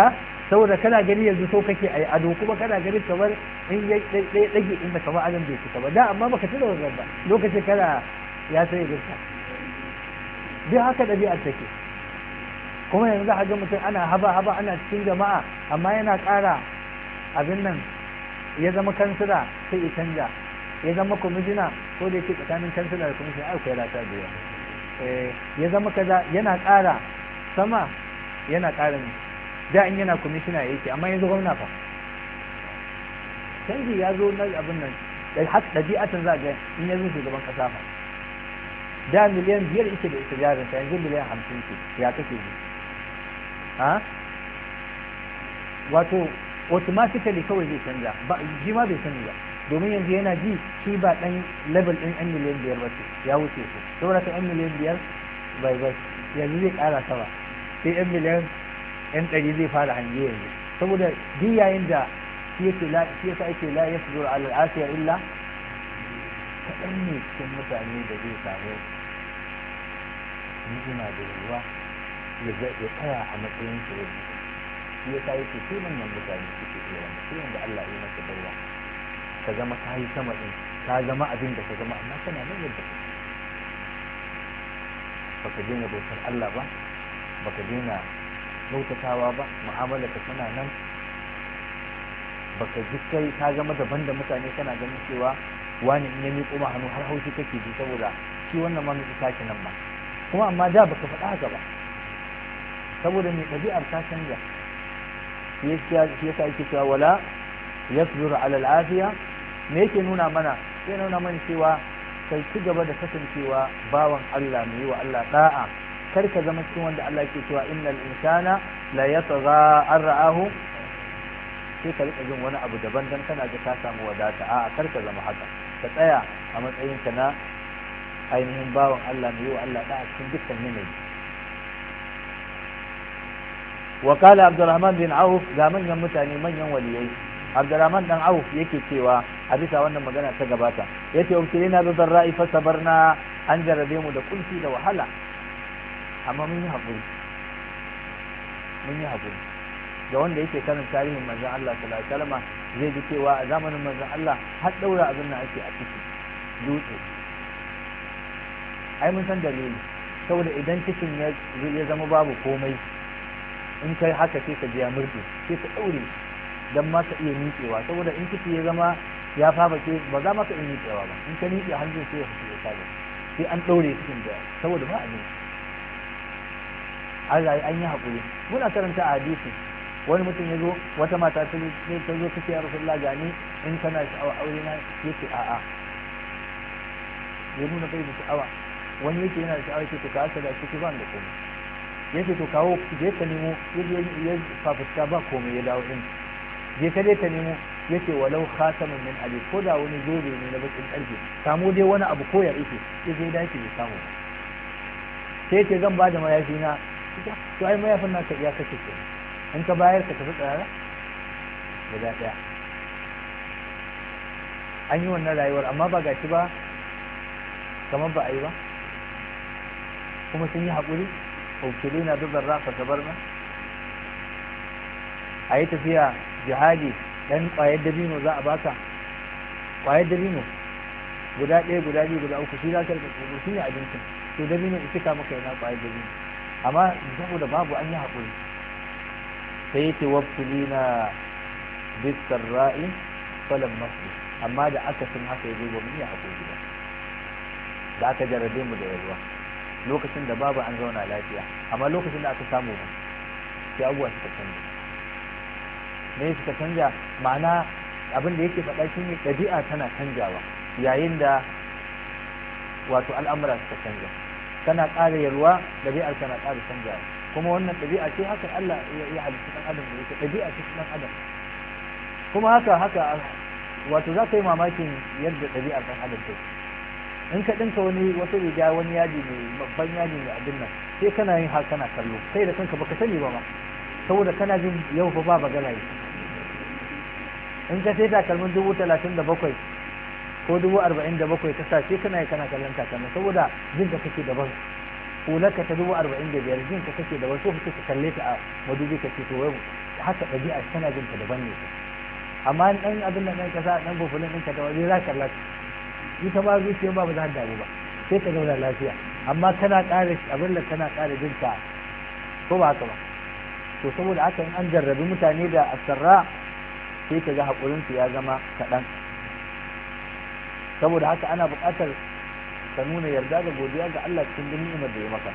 saboda kana gani yanzu so kake ai ado kuma kana gani kamar in ya dage inda kamar adam bai fita ba da amma baka tuna wannan ba lokacin kana ya sai ka bi haka ɗabi'ar take kuma yanzu za a ga mutum ana haba haba ana cikin jama'a amma yana ƙara abin nan ya zama kansila sai ya canja ya zama kwamishina ko da yake tsakanin kansila da kwamishina akwai rata da yawa eh, ya zama kaza yana ƙara sama yana ƙara ne da in yana kwamishina yake amma yanzu gwamna fa canji ya zo na abin nan ɗabi'atan za ga in ya zo shugaban kasa fa da miliyan biyar ike da ita jarinsa yanzu miliyan hamsin ce ya kake ji a wato automatically kawai zai canza ba ji ma bai sani ba domin yanzu yana ji shi ba dan level din yan miliyan biyar ba ya wuce su saboda ka yan miliyan biyar bai bai yanzu zai kara sama sai yan miliyan yan ɗari zai fara hange yanzu saboda duk yayin da shi yasa ake la yasdur ala al illa kaɗan ne cikin mutane da zai samu ni'ima da ruwa ya tsaya a matsayin shi wani shi ya kayi su sai manyan mutane suke iya wani su yadda Allah ya masa baiwa ka zama ka yi sama ɗin ka zama abin da ka zama amma kana nan yadda ka baka daina bautar Allah ba baka daina kyautatawa ba mu'amala ka tana nan baka ji kai ka zama daban da mutane kana ganin cewa wani in ya miƙo ma hannu har haushi kake ji saboda shi wannan ma mai sake nan ba kuma amma da baka faɗa haka ba saboda mai ɗabi'ar ta canza shi yasa yake cewa wala yasbiru ala al'afiya me yake nuna mana sai nuna mana cewa kai ci gaba da kasancewa bawan Allah mai yi wa Allah da'a kar ka zama cikin wanda Allah ke cewa innal insana la yatgha an ra'ahu sai ka rika jin wani abu daban dan kana ga ka samu wadata a'a kar ka zama haka ka tsaya a matsayin na ainihin bawan Allah mai yi wa Allah da'a cikin dukkan yanayi wa kala abdurrahman bin auf ga manyan mutane manyan waliyai abdurrahman dan auf yake cewa a bisa wannan magana ta gabata yace ubtilina bi dharra'i fa sabarna an jarabe mu da kunci da wahala amma mun yi hakuri mun yi ga wanda yake karin tarihin manzon Allah sallallahu alaihi zai ji cewa a zamanin manzon Allah har daura abin nan ake a ciki dutse ai mun san dalili saboda idan cikin ya zama babu komai in kai haka sai ka biya murɗe sai ka ɗaure don ma ka iya miƙewa saboda in kifi ya zama ya faba ke ba za ma ka iya miƙewa ba in ka miƙe hannun sai ya fito ya kaga sai an ɗaure cikin da saboda ba abin Allah an yi haƙuri muna karanta a hadisi wani mutum ya zo wata mata ta zo ta ce ya rasulullah gani in kana sha'awa aure na yake a'a ya nuna bai da sha'awa wani yake yana da sha'awa ce to ka aka da shi ban da komai ya to kawo je ka nemo ya fafuta ba komai ya dawo din je ka dai ka nemo ya walau khataman min ali ko da wani zobe ne na bakin karfe samu dai wani abu ko ya yake ya je yake samu sai ce zan ba da mayafi na to ai mayafin naka iya kake ke in ka bayar ka tafi tsara guda daya an yi wannan rayuwar amma ba gashi ba kamar ba a yi ba kuma sun yi haƙuri mukilina bizarra fa sabarna a yi tafiya jihadi ɗan kwayar dabino za a baka kwayar dabino guda ɗaya guda biyu guda uku shi za ka rika tsoro shi ne abincin to dabino ita ka maka yana kwayar dabino amma saboda babu an yi haƙuri sai na wabtilina ra'in falan masu amma da aka sun haka ya zo ba mu iya haƙuri ba da aka jarabe mu da yalwa lokacin da babu an zauna lafiya amma lokacin da aka samu ba sai abubuwa suka canza ne suka canja ma'ana abin da yake faɗa shi ne ɗabi'a tana canjawa yayin da wato al'amura suka canja tana ƙara yalwa ɗabi'ar tana ƙara canjawa kuma wannan ɗabi'a ce haka Allah ya halitta ɗan adam da yake ɗabi'a ce ɗan adam kuma haka haka wato za ka yi mamakin yadda ɗabi'ar ɗan adam take in ka dinka wani wasu riga wani yaji mai babban yaji mai abin nan sai kana yin haka kana kallo kai da kanka baka sani ba ma saboda kana jin yau fa ba magana yi in ka sai takalmin dubu talatin da bakwai ko dubu arba'in da bakwai ka sai kana yi kana kallon takalmin saboda jin ka kake daban hularka ta dubu arba'in da biyar jin ka kake daban so kake kalle ta a madubi ka ce to wai haka ɗabi'a kana jin ka daban ne amma ɗan abin da ɗan kasa ɗan bufulin ɗin ka da waje za ka kalla ita ma zuciya ba ba za ta damu ba sai ta zauna lafiya amma kana ƙara abin da kana ƙara jinta ko ba haka ba to saboda haka in an jarrabi mutane da asarra sai ka ga haƙurinsu ya zama kaɗan saboda haka ana buƙatar ka nuna yarda da godiya ga Allah cikin duk ni'imar da ya maka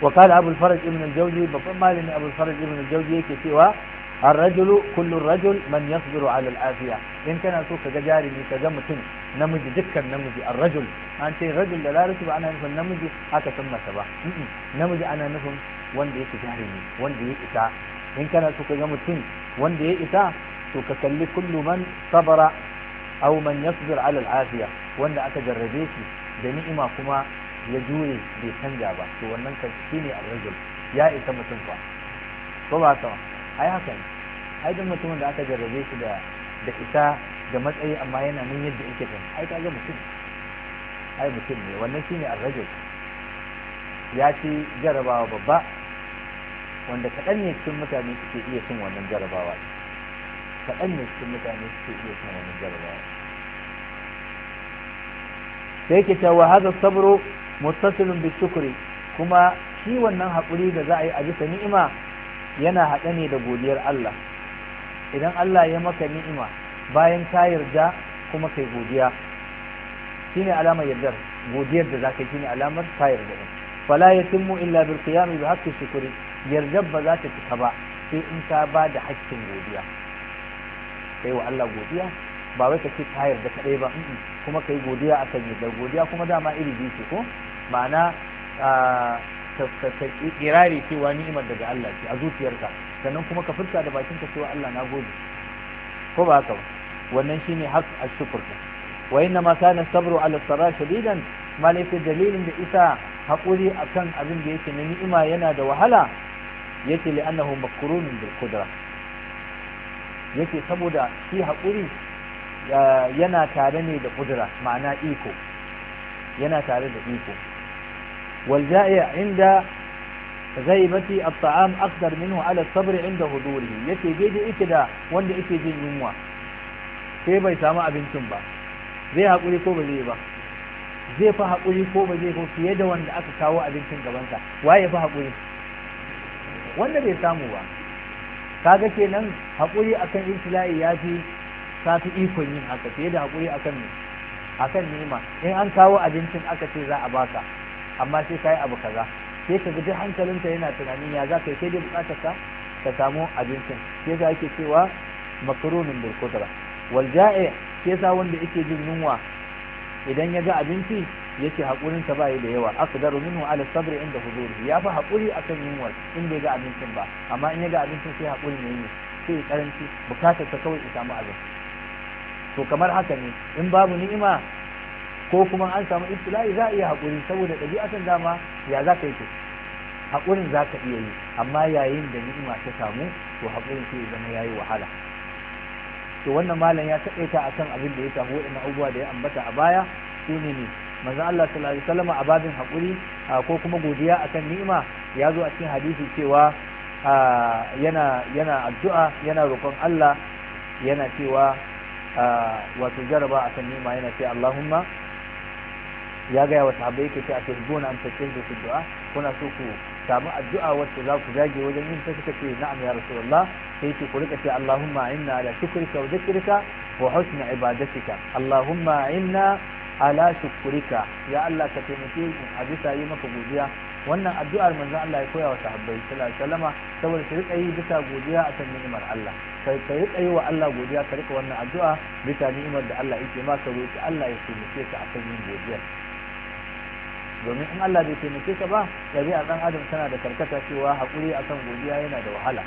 wa kana Abu Faraj ibn al-Jawzi babban malami Abu Faraj ibn al-Jawzi yake cewa ar-rajulu kullu ar-rajul man yasbiru 'ala al-afiya in kana so ka ga jarumi ka ga mutum namiji dukkan namiji ar-rajul an ce rajul da larabci ba ana nufin namiji aka san mace ba namiji ana nufin wanda yake jarumi wanda ya isa in kana so ka ga mutum wanda ya isa to ka kalli kullu man sabara aw man yasbir ala al-afiya wanda aka jarrabe shi da ni'ima kuma ya jure bai canja ba to wannan kan shine ar-rajul ya isa mutum fa ko ba ta ai haka ai mutumin da aka jarrabe shi da da isa da matsayi amma yana nan yadda yake din ai ka ga mutum ai mutum ne wannan shine arrajul ya ci jarabawa babba wanda kaɗan ne cikin mutane suke iya cin wannan jarabawa kaɗan ne cikin mutane suke iya cin wannan jarabawa sai ke cewa hada sabro muttasilun bi shukri kuma shi wannan haƙuri da za a yi a bisa ni'ima yana haɗa ne da godiyar Allah idan Allah ya maka ni'ima bayan ka yarda kuma kai godiya shine alamar yardar godiyar da zaka yi shine alamar ka yarda fala yatimmu illa bil qiyam bi haqqi shukri yardar ba za ta cika ba sai in ka ba da haƙƙin godiya kai wa Allah godiya ba wai ce ka yarda kadai ba kuma kai godiya akan yardar godiya kuma dama iri biyu ce ko ma'ana irari cewa ni'imar daga Allah ce a zuciyarka sannan kuma ka furta da bakinka cewa Allah na gode ko ba haka ba wannan shine haq a shukr wa inna ma kana sabru ala sara shadidan malaka dalilin da isa hakuri akan abin da yake na ni'ima yana da wahala yace li annahu makrunun bil qudra yace saboda shi hakuri yana tare ne da kudura ma'ana iko yana tare da iko wal ja'i inda Zai at-ta'am aqdar minhu ala sabri inda hudurihi yake gidi yake da wanda yake jin yunwa sai bai samu abincin ba zai hakuri ko ba zai ba zai fa hakuri ko ba zai ko fiye da wanda aka kawo abincin sa waye fa hakuri wanda bai samu ba kaga kenan hakuri akan ibtila'i yafi safi ikon yin haka fiye da hakuri akan ne akan nima in an kawo abincin aka ce za a baka amma sai kai abu kaza sai ka duk hankalinta yana tunanin ya za ka yi sai dai bukatar ka ka samu abincin sai ka ake cewa makaronin burkutura qudra wal ja'i sai sa wanda yake jin yunwa idan ya ga abinci yake hakurin sa bai da yawa aqdaru minhu ala sabri inda huzuri ya fa hakuri akan yunwa in bai ga abincin ba amma in ya ga abincin sai hakuri ne ne sai karanci bukatar ta kawai ya samu abin to kamar haka ne in babu ni'ima ko kuma an samu ibtila'i za a iya haƙuri saboda ɗabi'atan dama ya za ka yi to haƙurin za ka iya yi amma yayin da ni'ima ta samu to haƙurin sai ya zama ya yi wahala to wannan malam ya taƙaita akan abin da ya samu waɗannan abubuwa da ya ambata a baya su ne ne manzo Allah sallallahu alaihi wasallam a babin haƙuri ko kuma godiya akan ni'ima ya zo a cikin hadisi cewa yana yana addu'a yana roƙon Allah yana cewa wato jaraba akan ni'ima yana cewa Allahumma ya gaya wa sahabbai yake cewa turbuna an da su du'a kuna so ku samu addu'a wacce za ku dage wajen yin ta suka ce na'am ya rasulullah sai ce ku rika ce allahumma inna ala shukrika wa dhikrika wa husna ibadatika allahumma inna ala shukrika ya Allah ka taimake mu a bisa yi maka godiya wannan addu'ar manzan Allah ya koya wa sahabbai sallallahu alaihi saboda su rika yi bisa godiya a kan ni'imar Allah kai ka rika yi wa Allah godiya ka rika wannan addu'a bisa ni'imar da Allah yake maka roki Allah ya taimake ka akan yin godiya domin in Allah bai taimake ka ba ɗabi'a ɗan adam tana da karkata cewa haƙuri akan godiya yana da wahala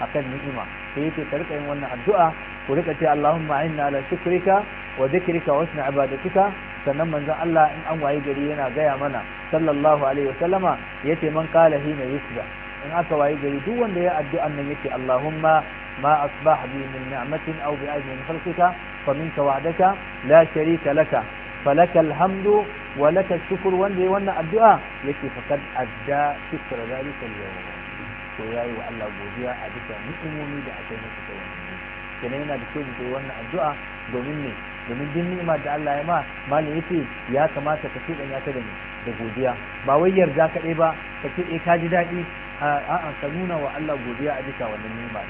akan ni'ima sai yake ka rika yin wannan addu'a ku rika ce Allahumma inna ala shukrika wa dhikrika wa husni ibadatika sannan manzon Allah in an waye gari yana gaya mana sallallahu alaihi wasallama yace man qala hina yusba in aka waye gari duk wanda ya addu'an nan yake Allahumma ما أصبح بي من نعمة أو بأجل من خلقك فمنك وعدك لا شريك لك فلك الحمد wa laka shukur wanda ya wannan addu'a yake fakad adda shukra zalika al-yawm to yayi wa Allah godiya a duka ni'imomi da aka yi masa ta wannan kenan yana da kyau da wannan addu'a domin ne domin din ni'ima da Allah ya ma malam yace ya kamata ka tudan ya ta da da godiya ba wai yarda kaɗai ba ka ce eh ka ji daɗi a'a ka nuna wa Allah godiya a duka wannan ni'ima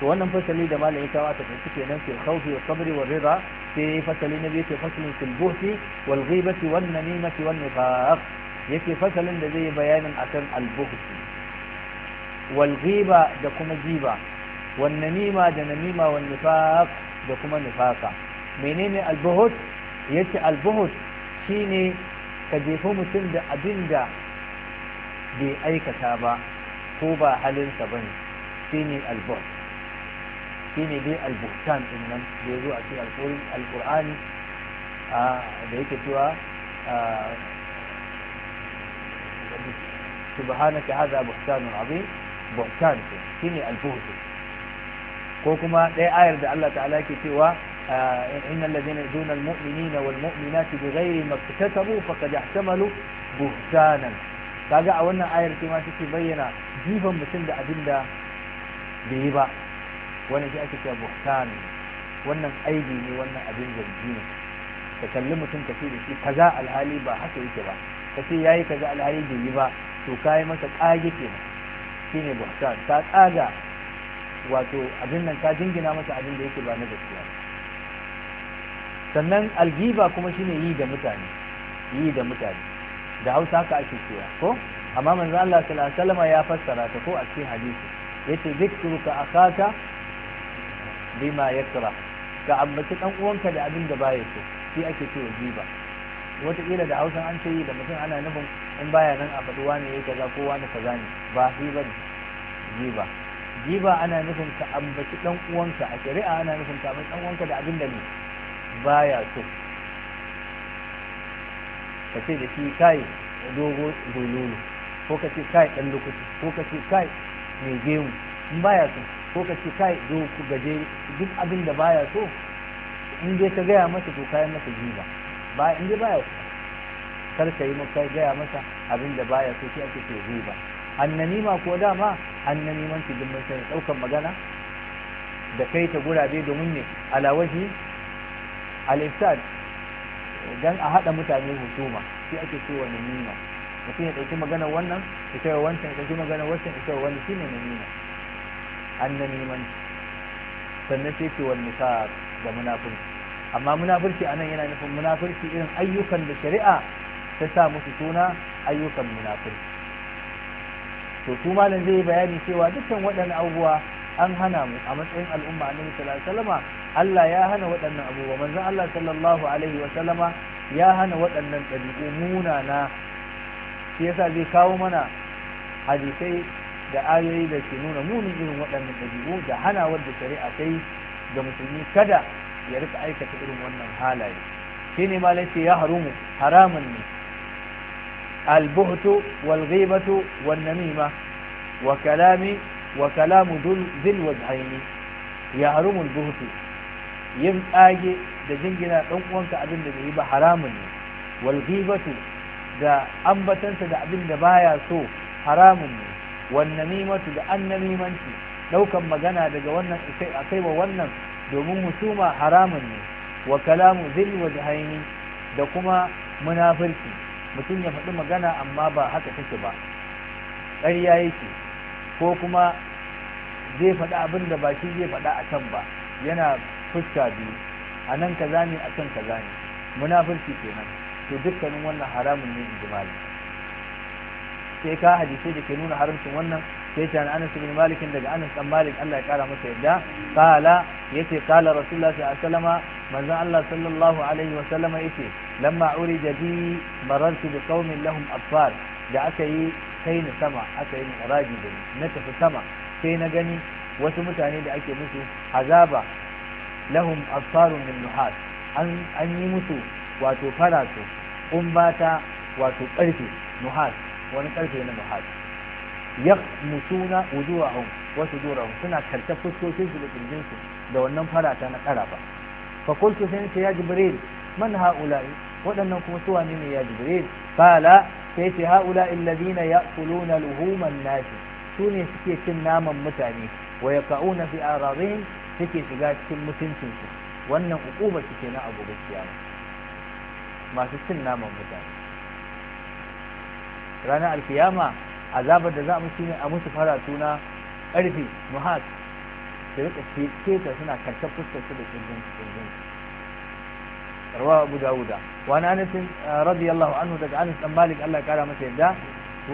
wannan fasali da malam ya kawo ta tafi kenan fil khawfi wa sabri wa rida sai fasali na biyu ke fasalin fil buhti wal ghibati wan namimati wan nifaq yake fasalin da zai yi bayanin akan al buhti wal ghiba da kuma giba wan namima da namima wan nifaq da kuma nifaqa menene al buhut yace al buhut shine ka jefa mutum da abin da bai aikata ba ko ba halinsa bane shine al buhut shine dai al-buhtan din nan da yazo a cikin al-qur'ani da yake cewa subhanaka hadha buhtanun azim buhtan shine al ko kuma ɗaya ayar da Allah ta'ala ke cewa إن الذين يؤذون المؤمنين والمؤمنات بغير ما اكتسبوا فقد احتملوا بهتانا kaga a wannan ayar ce ma take bayyana jifan mutum da abin da bai yi ba Wani shi ake cewa buhtan wannan aibi ne wannan abin zargi ne ka kalli mutum ka ce da shi kaza alhali ba haka yake ba ka ce yayi kaza alhali bai yi ba to kai masa kage kenan shine buhtan Ta kaga wato abin nan ka jingina masa abin da yake ba na gaskiya sannan algiba kuma shine yi da mutane yi da mutane da hausa haka ake cewa ko amma manzo Allah sallallahu alaihi wasallam ya fassara ta ko a cikin hadisi yace ka akaka bima yakra ka ambaci dan uwanka da abin da baya so shi ake cewa giba wataƙila da hausa an ce yi da mutum ana nufin in baya nan a faɗuwa ne ya kaza ko wani kaza ne ba shi ba giba giba ana nufin ka ambaci dan uwanka a shari'a ana nufin ka ambaci dan uwanka da abin da ne baya so ka ce da shi kai dogo dololo ko ka ce kai dan lokaci ko ka ce kai mai gemu in baya so ko ka ce kai zo ku gaje duk abin da baya so in dai ka gaya masa to kayan masa jiba ba in dai baya so kar ka yi maka gaya masa abin da baya so shi ake ce jiba annanima ko dama annaniman ki dimmin sai daukan magana da kai ta gurabe domin ne waji al-ifsad dan a haɗa mutane husuma shi ake cewa namima mutum ya dauki maganar wannan ita wancan ya ɗauki maganar wancan ita kai wani shine namima an neman sannan sai ce wani da munafurci amma munafurci a nan yana nufin munafurci irin ayyukan da shari'a ta sa musu suna ayyukan munafurci to su malam zai yi bayani cewa dukkan waɗannan abubuwa an hana mu a matsayin al'umma annabi sallallahu alaihi Allah ya hana waɗannan abubuwa manzon Allah sallallahu alaihi wasallama ya hana waɗannan ɗabi'u munana shi yasa zai kawo mana hadisai da ayoyi da ke nuna muni irin waɗannan ɗabi'u da hana wadda shari'a ta yi ga musulmi kada ya rika aikata irin wannan halaye shi ne ma lafi ya harumu haramun ne albuhtu wal ghibatu wan namima wa kalami wa kalamu wajhaini ya harumu albuhtu yin tsage da jingina dan uwanka abin da bai ba haramun ne wal ghibatu da ambatansa da abin da baya so haramun ne wannan mimatu da annamimanci daukan magana daga wannan a kai wa wannan domin musuma haramun ne wa kalamu zil wajhaini da kuma munafirki mutum ya faɗi magana amma ba haka take ba ƙarya yake ko kuma zai faɗi abin da ba shi zai faɗa a can ba yana fuska biyu a nan kaza ne a can kaza ne munafirki kenan to dukkanin wannan haramun ne in ji malam sai ka hadisai da ke nuna haramcin wannan sai ta na Anas bin Malik daga Anas dan Malik Allah ya kara masa yadda qala yace qala Rasulullah sallallahu alaihi wasallam manzo Allah sallallahu alaihi wasallam yace lamma urija bi marartu bi qaumin lahum afar da aka yi kai ni sama aka yi miraji da ni na tafi sama sai na gani wasu mutane da ake musu azaba lahum asfarun min nuhat an yi musu wato farasu kumbata wato karfe nuhat wani karfe na muhal yaqmutuna wujuhahum wasu sudurahum suna karta fuskokin su da kirjin da wannan farata na karafa fa qultu sai ce ya jibril man haula'i waɗannan kuma su ne ya jibril Fala sai ce haula'i alladhina ya'kuluna luhuman nasi su ne suke cin naman mutane wa kauna fi aradihim suke shiga cikin mutuncinsu wannan ukuba ce na abu gaskiya masu cin naman mutane ranar alkiyama azabar da za mu musu ne a musu faratu na ƙarfi muhas su rika keta suna karshen fuskar su da kirgin kirgin rawa abu dawuda wani anasin eh, radiyallahu anhu daga anas dan malik allah kara masa yadda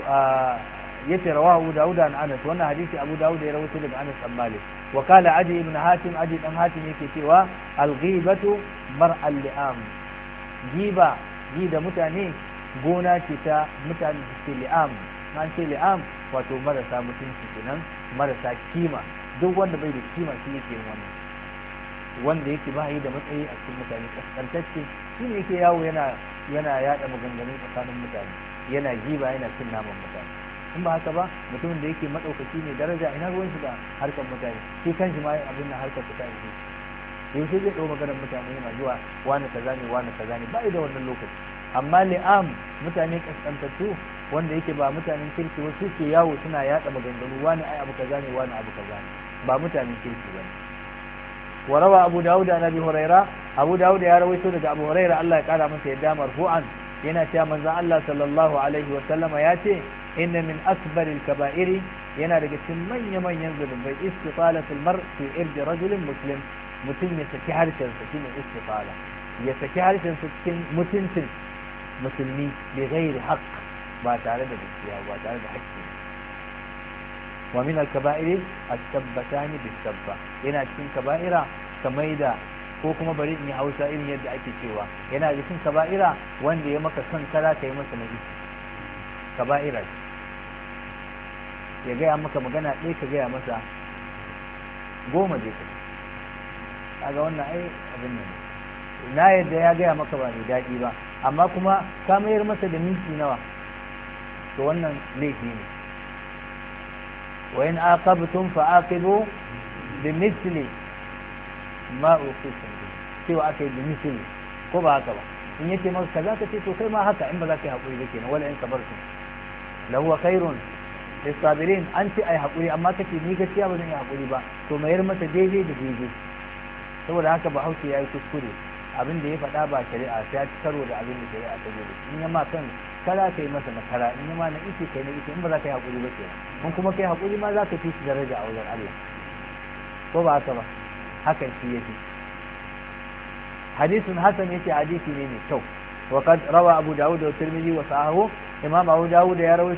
ah, yace rawa abu dawuda an anas wannan hadisi abu dawuda ya rawaito daga anas dan malik wa qala adi ibn hatim adi dan hatim yake cewa al-ghibatu mar'al li'am giba gi da mutane gona ce ta mutane su suke li'am an ce li'am wato marasa mutunci kenan marasa kima duk wanda bai da kima shi yake wannan wanda yake ba yi da matsayi a cikin mutane kaskantacce shi ne yake yawo yana yana yada maganganun tsakanin mutane yana giba yana cin naman mutane in ba haka ba mutumin da yake madaukaki ne daraja ina ruwan shi da harkar mutane shi shi ma abin na harkar ta yi yaushe zai ɗau maganar mutane yana zuwa wani kaza ne wani kaza ne ba da wannan lokaci amma li'am mutane kaskantattu wanda yake ba mutanen kirki wasu ke yawo suna yatsa maganganu wani ai abu kaza ne wani abu kaza ne ba mutanen kirki bane wa rawa abu dawud an abi huraira abu dawud ya rawaito daga abu huraira Allah ya kara masa yadda marfu'an yana cewa manzo Allah sallallahu alaihi wa sallama ya ce inna min akbaril kaba'iri yana daga cikin manya manyan zunubai istifalatul mar fi irdi rajulin muslim mutum ya saki harshen sa shine istifala ya saki harshen sa cikin mutuncin musulmi bai gairi haƙ ba tare da gaskiya ba tare da haƙƙi wa min al-kaba'ir at-tabbatani bis-sabba yana cikin kaba'ira kamar da ko kuma bari in yi Hausa irin yadda ake cewa yana cikin kaba'ira wanda ya maka son kara yi masa nabi kaba'ira ya gaya maka magana ɗaya ka gaya masa goma je ka kaga wannan ai abin nan na yadda ya gaya maka ba mai daɗi ba amma kuma ka mayar masa da minti nawa to wannan laifi ne wa in aqabtum fa aqibu bi misli ma uqisum cewa aka yi bi misli ko ba haka ba in yake maka kaza ka ce to kai ma haka in ba za ka yi hakuri ba kenan wala in sabartum huwa khairun lissabirin an ce ai hakuri amma kace ni gaskiya ba zan yi hakuri ba to mayar masa daidai da daidai saboda haka hausa ya yi kuskure abin da ya faɗa ba shari'a sai ya ci karo da abin da shari'a ta zo in ya kan kara kai masa na kara in ya na ishe kai na ishe in ba za ka yi haƙuri ba kenan in kuma kai haƙuri ma za ka fi si daraja a wajen Allah ko ba haka ba hakan shi yake hadisun hasan yake hadisi ne mai kyau wa روى Imam Abu والترمذي وصححه إمام أبو داود يروي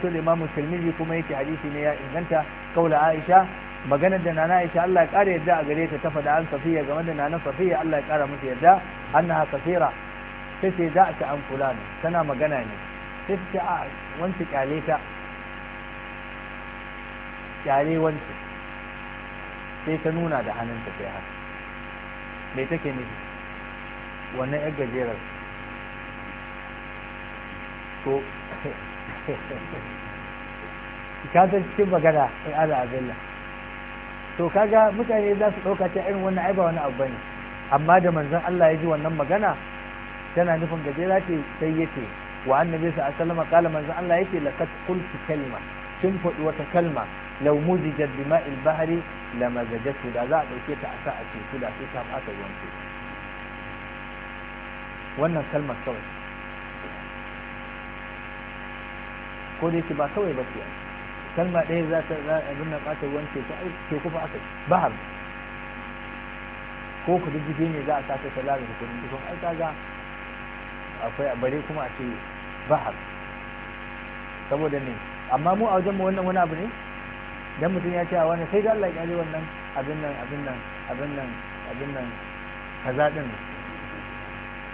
kuma yake hadisi ne ya inganta كول Aisha. maganar da nana Aisha Allah ya kara yadda a gare ta ta faɗa an safiya game da nana safiya Allah ya kara mata yadda annaha kafira sai sai za a ta an fulani tana magana ne sai ta ce a wanci kyale ta kyale wanci sai ta nuna da hannunta sai haka me take nufi wannan yar gajerar ko [LAUGHS] ka san cikin magana in ana abin to kaga mutane za su ɗauka ta irin wannan aiba wani abu bane amma da manzon Allah ya ji wannan magana tana nufin gajera ce sai ya ce wa annabi sa sallama kala manzon Allah yake laqad qultu kalma kin faɗi wata kalma law muzijat al bahri majajatu da za a ɗauke ta a sa a teku da sai ta fata ruwan ce wannan kalma kawai ko da ba kawai ba ce kalma ɗaya za ta abin nan ɓata ruwan teku ai teku fa aka bahar ko ku jijjige ne za a sa ta kaza da hukumin tukun ai kaga akwai bare kuma a ce bahar saboda ne amma mu a wajenmu wannan wani abu ne dan mutum ya ce a wani sai da Allah ya ji wannan abin nan abin nan abin nan abin nan kaza din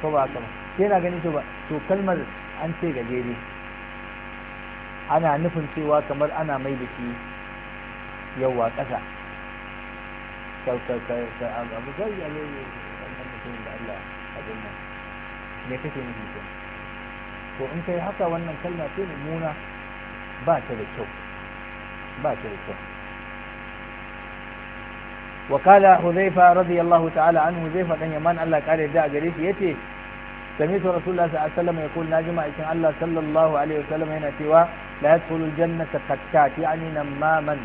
ko ba haka ba yana ganin to ba to kalmar an ce gajere ana nufin cewa kamar ana mai da shi yawa ƙasa me kake nufi ko to in kai haka wannan kalma ce mummuna ba ta da kyau ba ta da kyau وقال حذيفة رضي الله تعالى عنه حذيفة أن يمان الله قال a قريش يتي yace sami الله صلى الله عليه وسلم يقول ناجم إن الله صلى الله عليه وسلم yana cewa. la yadkhulu aljannata qattat yani namaman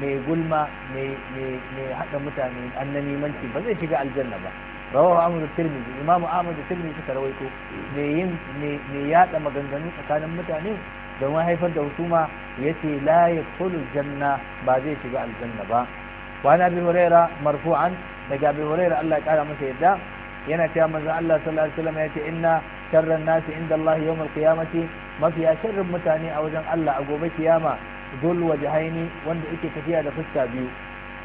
mai gulma mai mai hada mutane annamimanci ba zai shiga aljanna ba rawahu ahmad tirmidhi imam ahmad tirmidhi suka rawaito mai yin mai yada maganganu tsakanin mutane da haifar da husuma yace la yadkhulu aljanna ba zai shiga aljanna ba wa nabi hurairah marfu'an daga abi hurairah Allah ya kara masa yadda yana cewa manzo Allah sallallahu alaihi wasallam ya ce inna sharran nasi inda Allah yawmal qiyamati mafiya sharrin mutane a wajen Allah a gobe kiyama dul wajhaini wanda yake tafiya da fuska biyu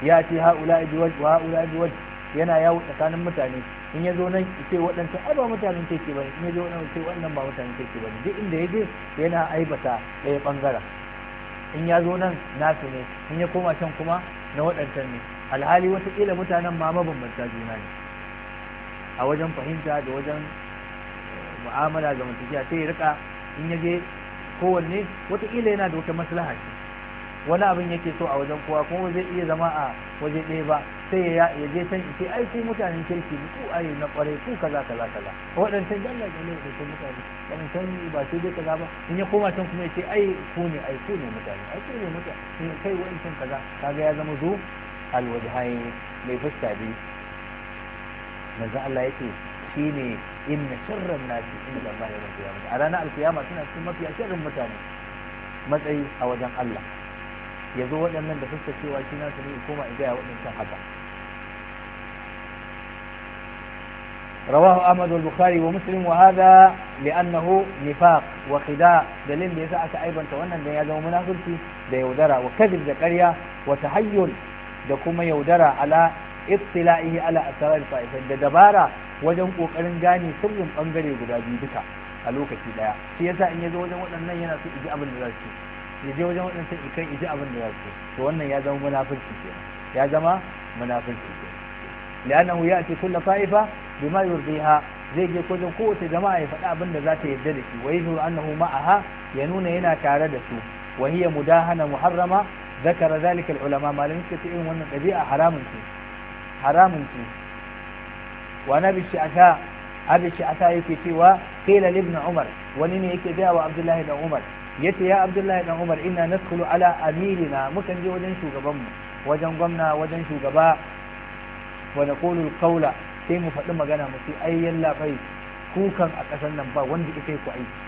ya ce haula ajwaj wa haula ajwaj yana yawo tsakanin mutane in ya zo nan ce waɗancan ai ba mutanen ba ne in ya zo nan ce waɗannan ba mutanen ba ne duk inda ya je yana aibata ɗaya ɓangaren in ya zo nan nasu ne in ya koma can kuma na waɗancan ne alhali wataƙila mutanen ma mabambanta juna ne a wajen fahimta da wajen eh, mu'amala ga mutukiya sai ya rika in ya je kowanne wataƙila yana da wata maslaha ce wani abin yake so a wajen kowa kuma zai iya zama a waje ɗaya ba sai ya ya je can ce ai ku mutanen kirki ne ku ai na kware ku kaza kaza kaza waɗancan dalla da ne da mutane waɗancan ba sai dai kaza ba in ya koma can kuma ya ce ai ku ne ai ku ne mutane ai ku ne mutane kai waɗancan kaza kaga ya zama zo alwajhai mai fuska biyu manzo Allah yake shine inna sharran nasi inda Allah yawm al a ranar alkiyama qiyama suna cikin mafiya sharrin mutane matsayi a wajen Allah ya zo waɗannan da fuskar cewa shi nasu ne koma in gaya waɗancan haka رواه أحمد والبخاري ومسلم وهذا لأنه نفاق وخداع دليل ليس ya zama تونا da yaudara wa دا يودرا وكذب ذكريا وتحيل دا كما يودرا على ittila'ihi ala asrar fa'isar da dabara wajen kokarin gane sirrin bangare guda biyu duka a lokaci daya shi yasa in yazo wajen waɗannan yana so iji abin da za su ya je wajen waɗannan sai kai iji abin da za su to wannan ya zama munafiki kenan ya zama munafiki kenan li'annahu ya'ti kullu fa'ifa bima yurdiha zai je ko wajen kowace jama'a ya faɗi abin da za ta yarda da shi wa yuzuru annahu ma'aha ya nuna yana tare da su wa hiya mudahana muharrama ذكر ذلك العلماء ما لم يكن wannan ɗabi'a haramun ce haramun ce wa nabi shi'ata abi shi'ata yake cewa kila ibn umar wani ne yake gaya wa abdullahi dan umar yace ya abdullahi dan umar inna nadkhulu ala amirina mukan je wajen shugabanmu wajen gwamna wajen shugaba wa naqulu alqawla sai mu faɗi magana mu sai ai yalla kukan a ƙasar nan ba wanda yake ku aiki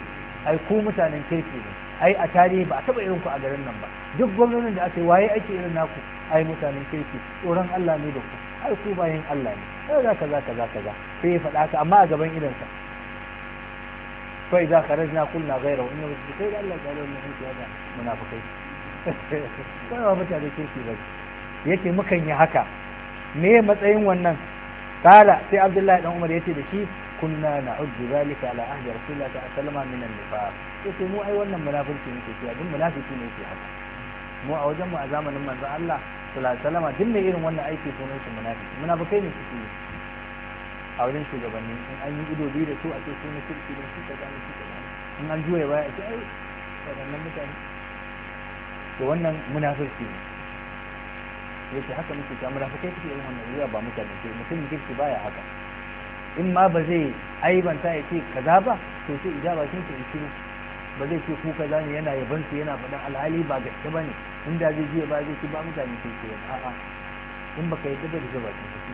ai ku mutanen kirki ne ai a tarihi ba a taɓa irin ku a garin nan ba duk gwamnonin da aka yi waye ake irin naku ai mutanen kirki tsoron Allah ne da ku ai ku yin Allah ne kai za ka za ka za sai ya faɗa ka amma a gaban ka kai za ka rajna kulna gaira wani wasu sai da Allah ya lalata mun ya ga munafikai kai [LAUGHS] ba mutane kirki ba yake mukan yi haka me matsayin wannan kala sai Abdullahi dan Umar yace da shi kunna na'uddu zalika ala ahdi rasulillah sallallahu alaihi min an-nifaq sai mu ai wannan munafiki muke cewa duk ne yake haka mu a wajen mu a zamanin manzo Allah sallallahu alaihi wasallam duk mai irin wannan aiki sunan shi munafiki munafikai ne suke a wajen shugabanni in an yi ido da su a ce su ne kirki da su su ka in an juya baya a ce ai waɗannan mutane to wannan munafiki ne yake haka muke cewa munafikai suke irin ba mutane ke mutum baya haka in ma ba zai aibanta ya ce kaza ba to sai ija bakin ta ishiru ba zai ce ku kaza ne yana yaban su yana faɗan alhali ba gaske ba ne in da zai je ba zai ce ba mutane sai ce a'a in baka yadda da ija bakin ta shi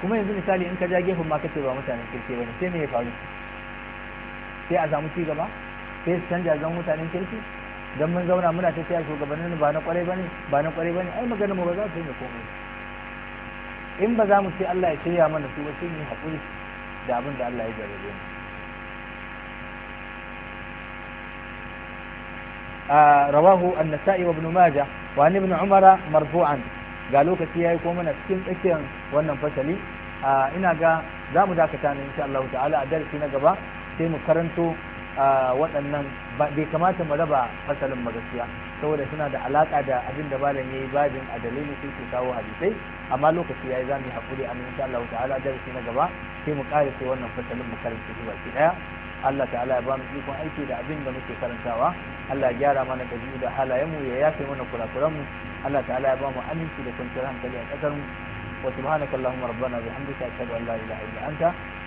kuma yanzu misali in ka ja gefen ma kace ba mutanen kirki ba ne sai me ya faru sai a samu ci gaba sai su canja zan mutanen kirki dan mun zauna muna ta tsaya shugabannin ba na kwarai ba ne ba na kwarai ba ne ai magana mu ba za su yi komai in ba za mu ce Allah ya shirya mana su ba sai yi haƙuri da abin da Allah ya jarrabe mu rawahu an-nasa'i wa ibn majah wa ibn umara marfu'an ga lokaci yayi ko mana cikin tsakiyar wannan fasali ina ga za mu dakata ne insha Allah ta'ala a darasi na gaba sai mu karanto waɗannan bai kamata mu raba fasalin magaskiya saboda suna da alaka da abin da malam yayi babin a dalilin sun ke kawo hadisai amma lokaci yayi zamu hakuri amma insha Allah ta'ala darasi na gaba sai mu kare sai wannan fasalin mu karanta shi baki daya Allah ta'ala ya ba mu ikon aiki da abin da muke karantawa Allah ya gyara mana dabi'u da halayenmu ya yafe mana mu Allah ta'ala ya ba mu aminci da kwanciyar hankali a kasar mu wa subhanakallahumma rabbana bihamdika ashhadu an la ilaha illa anta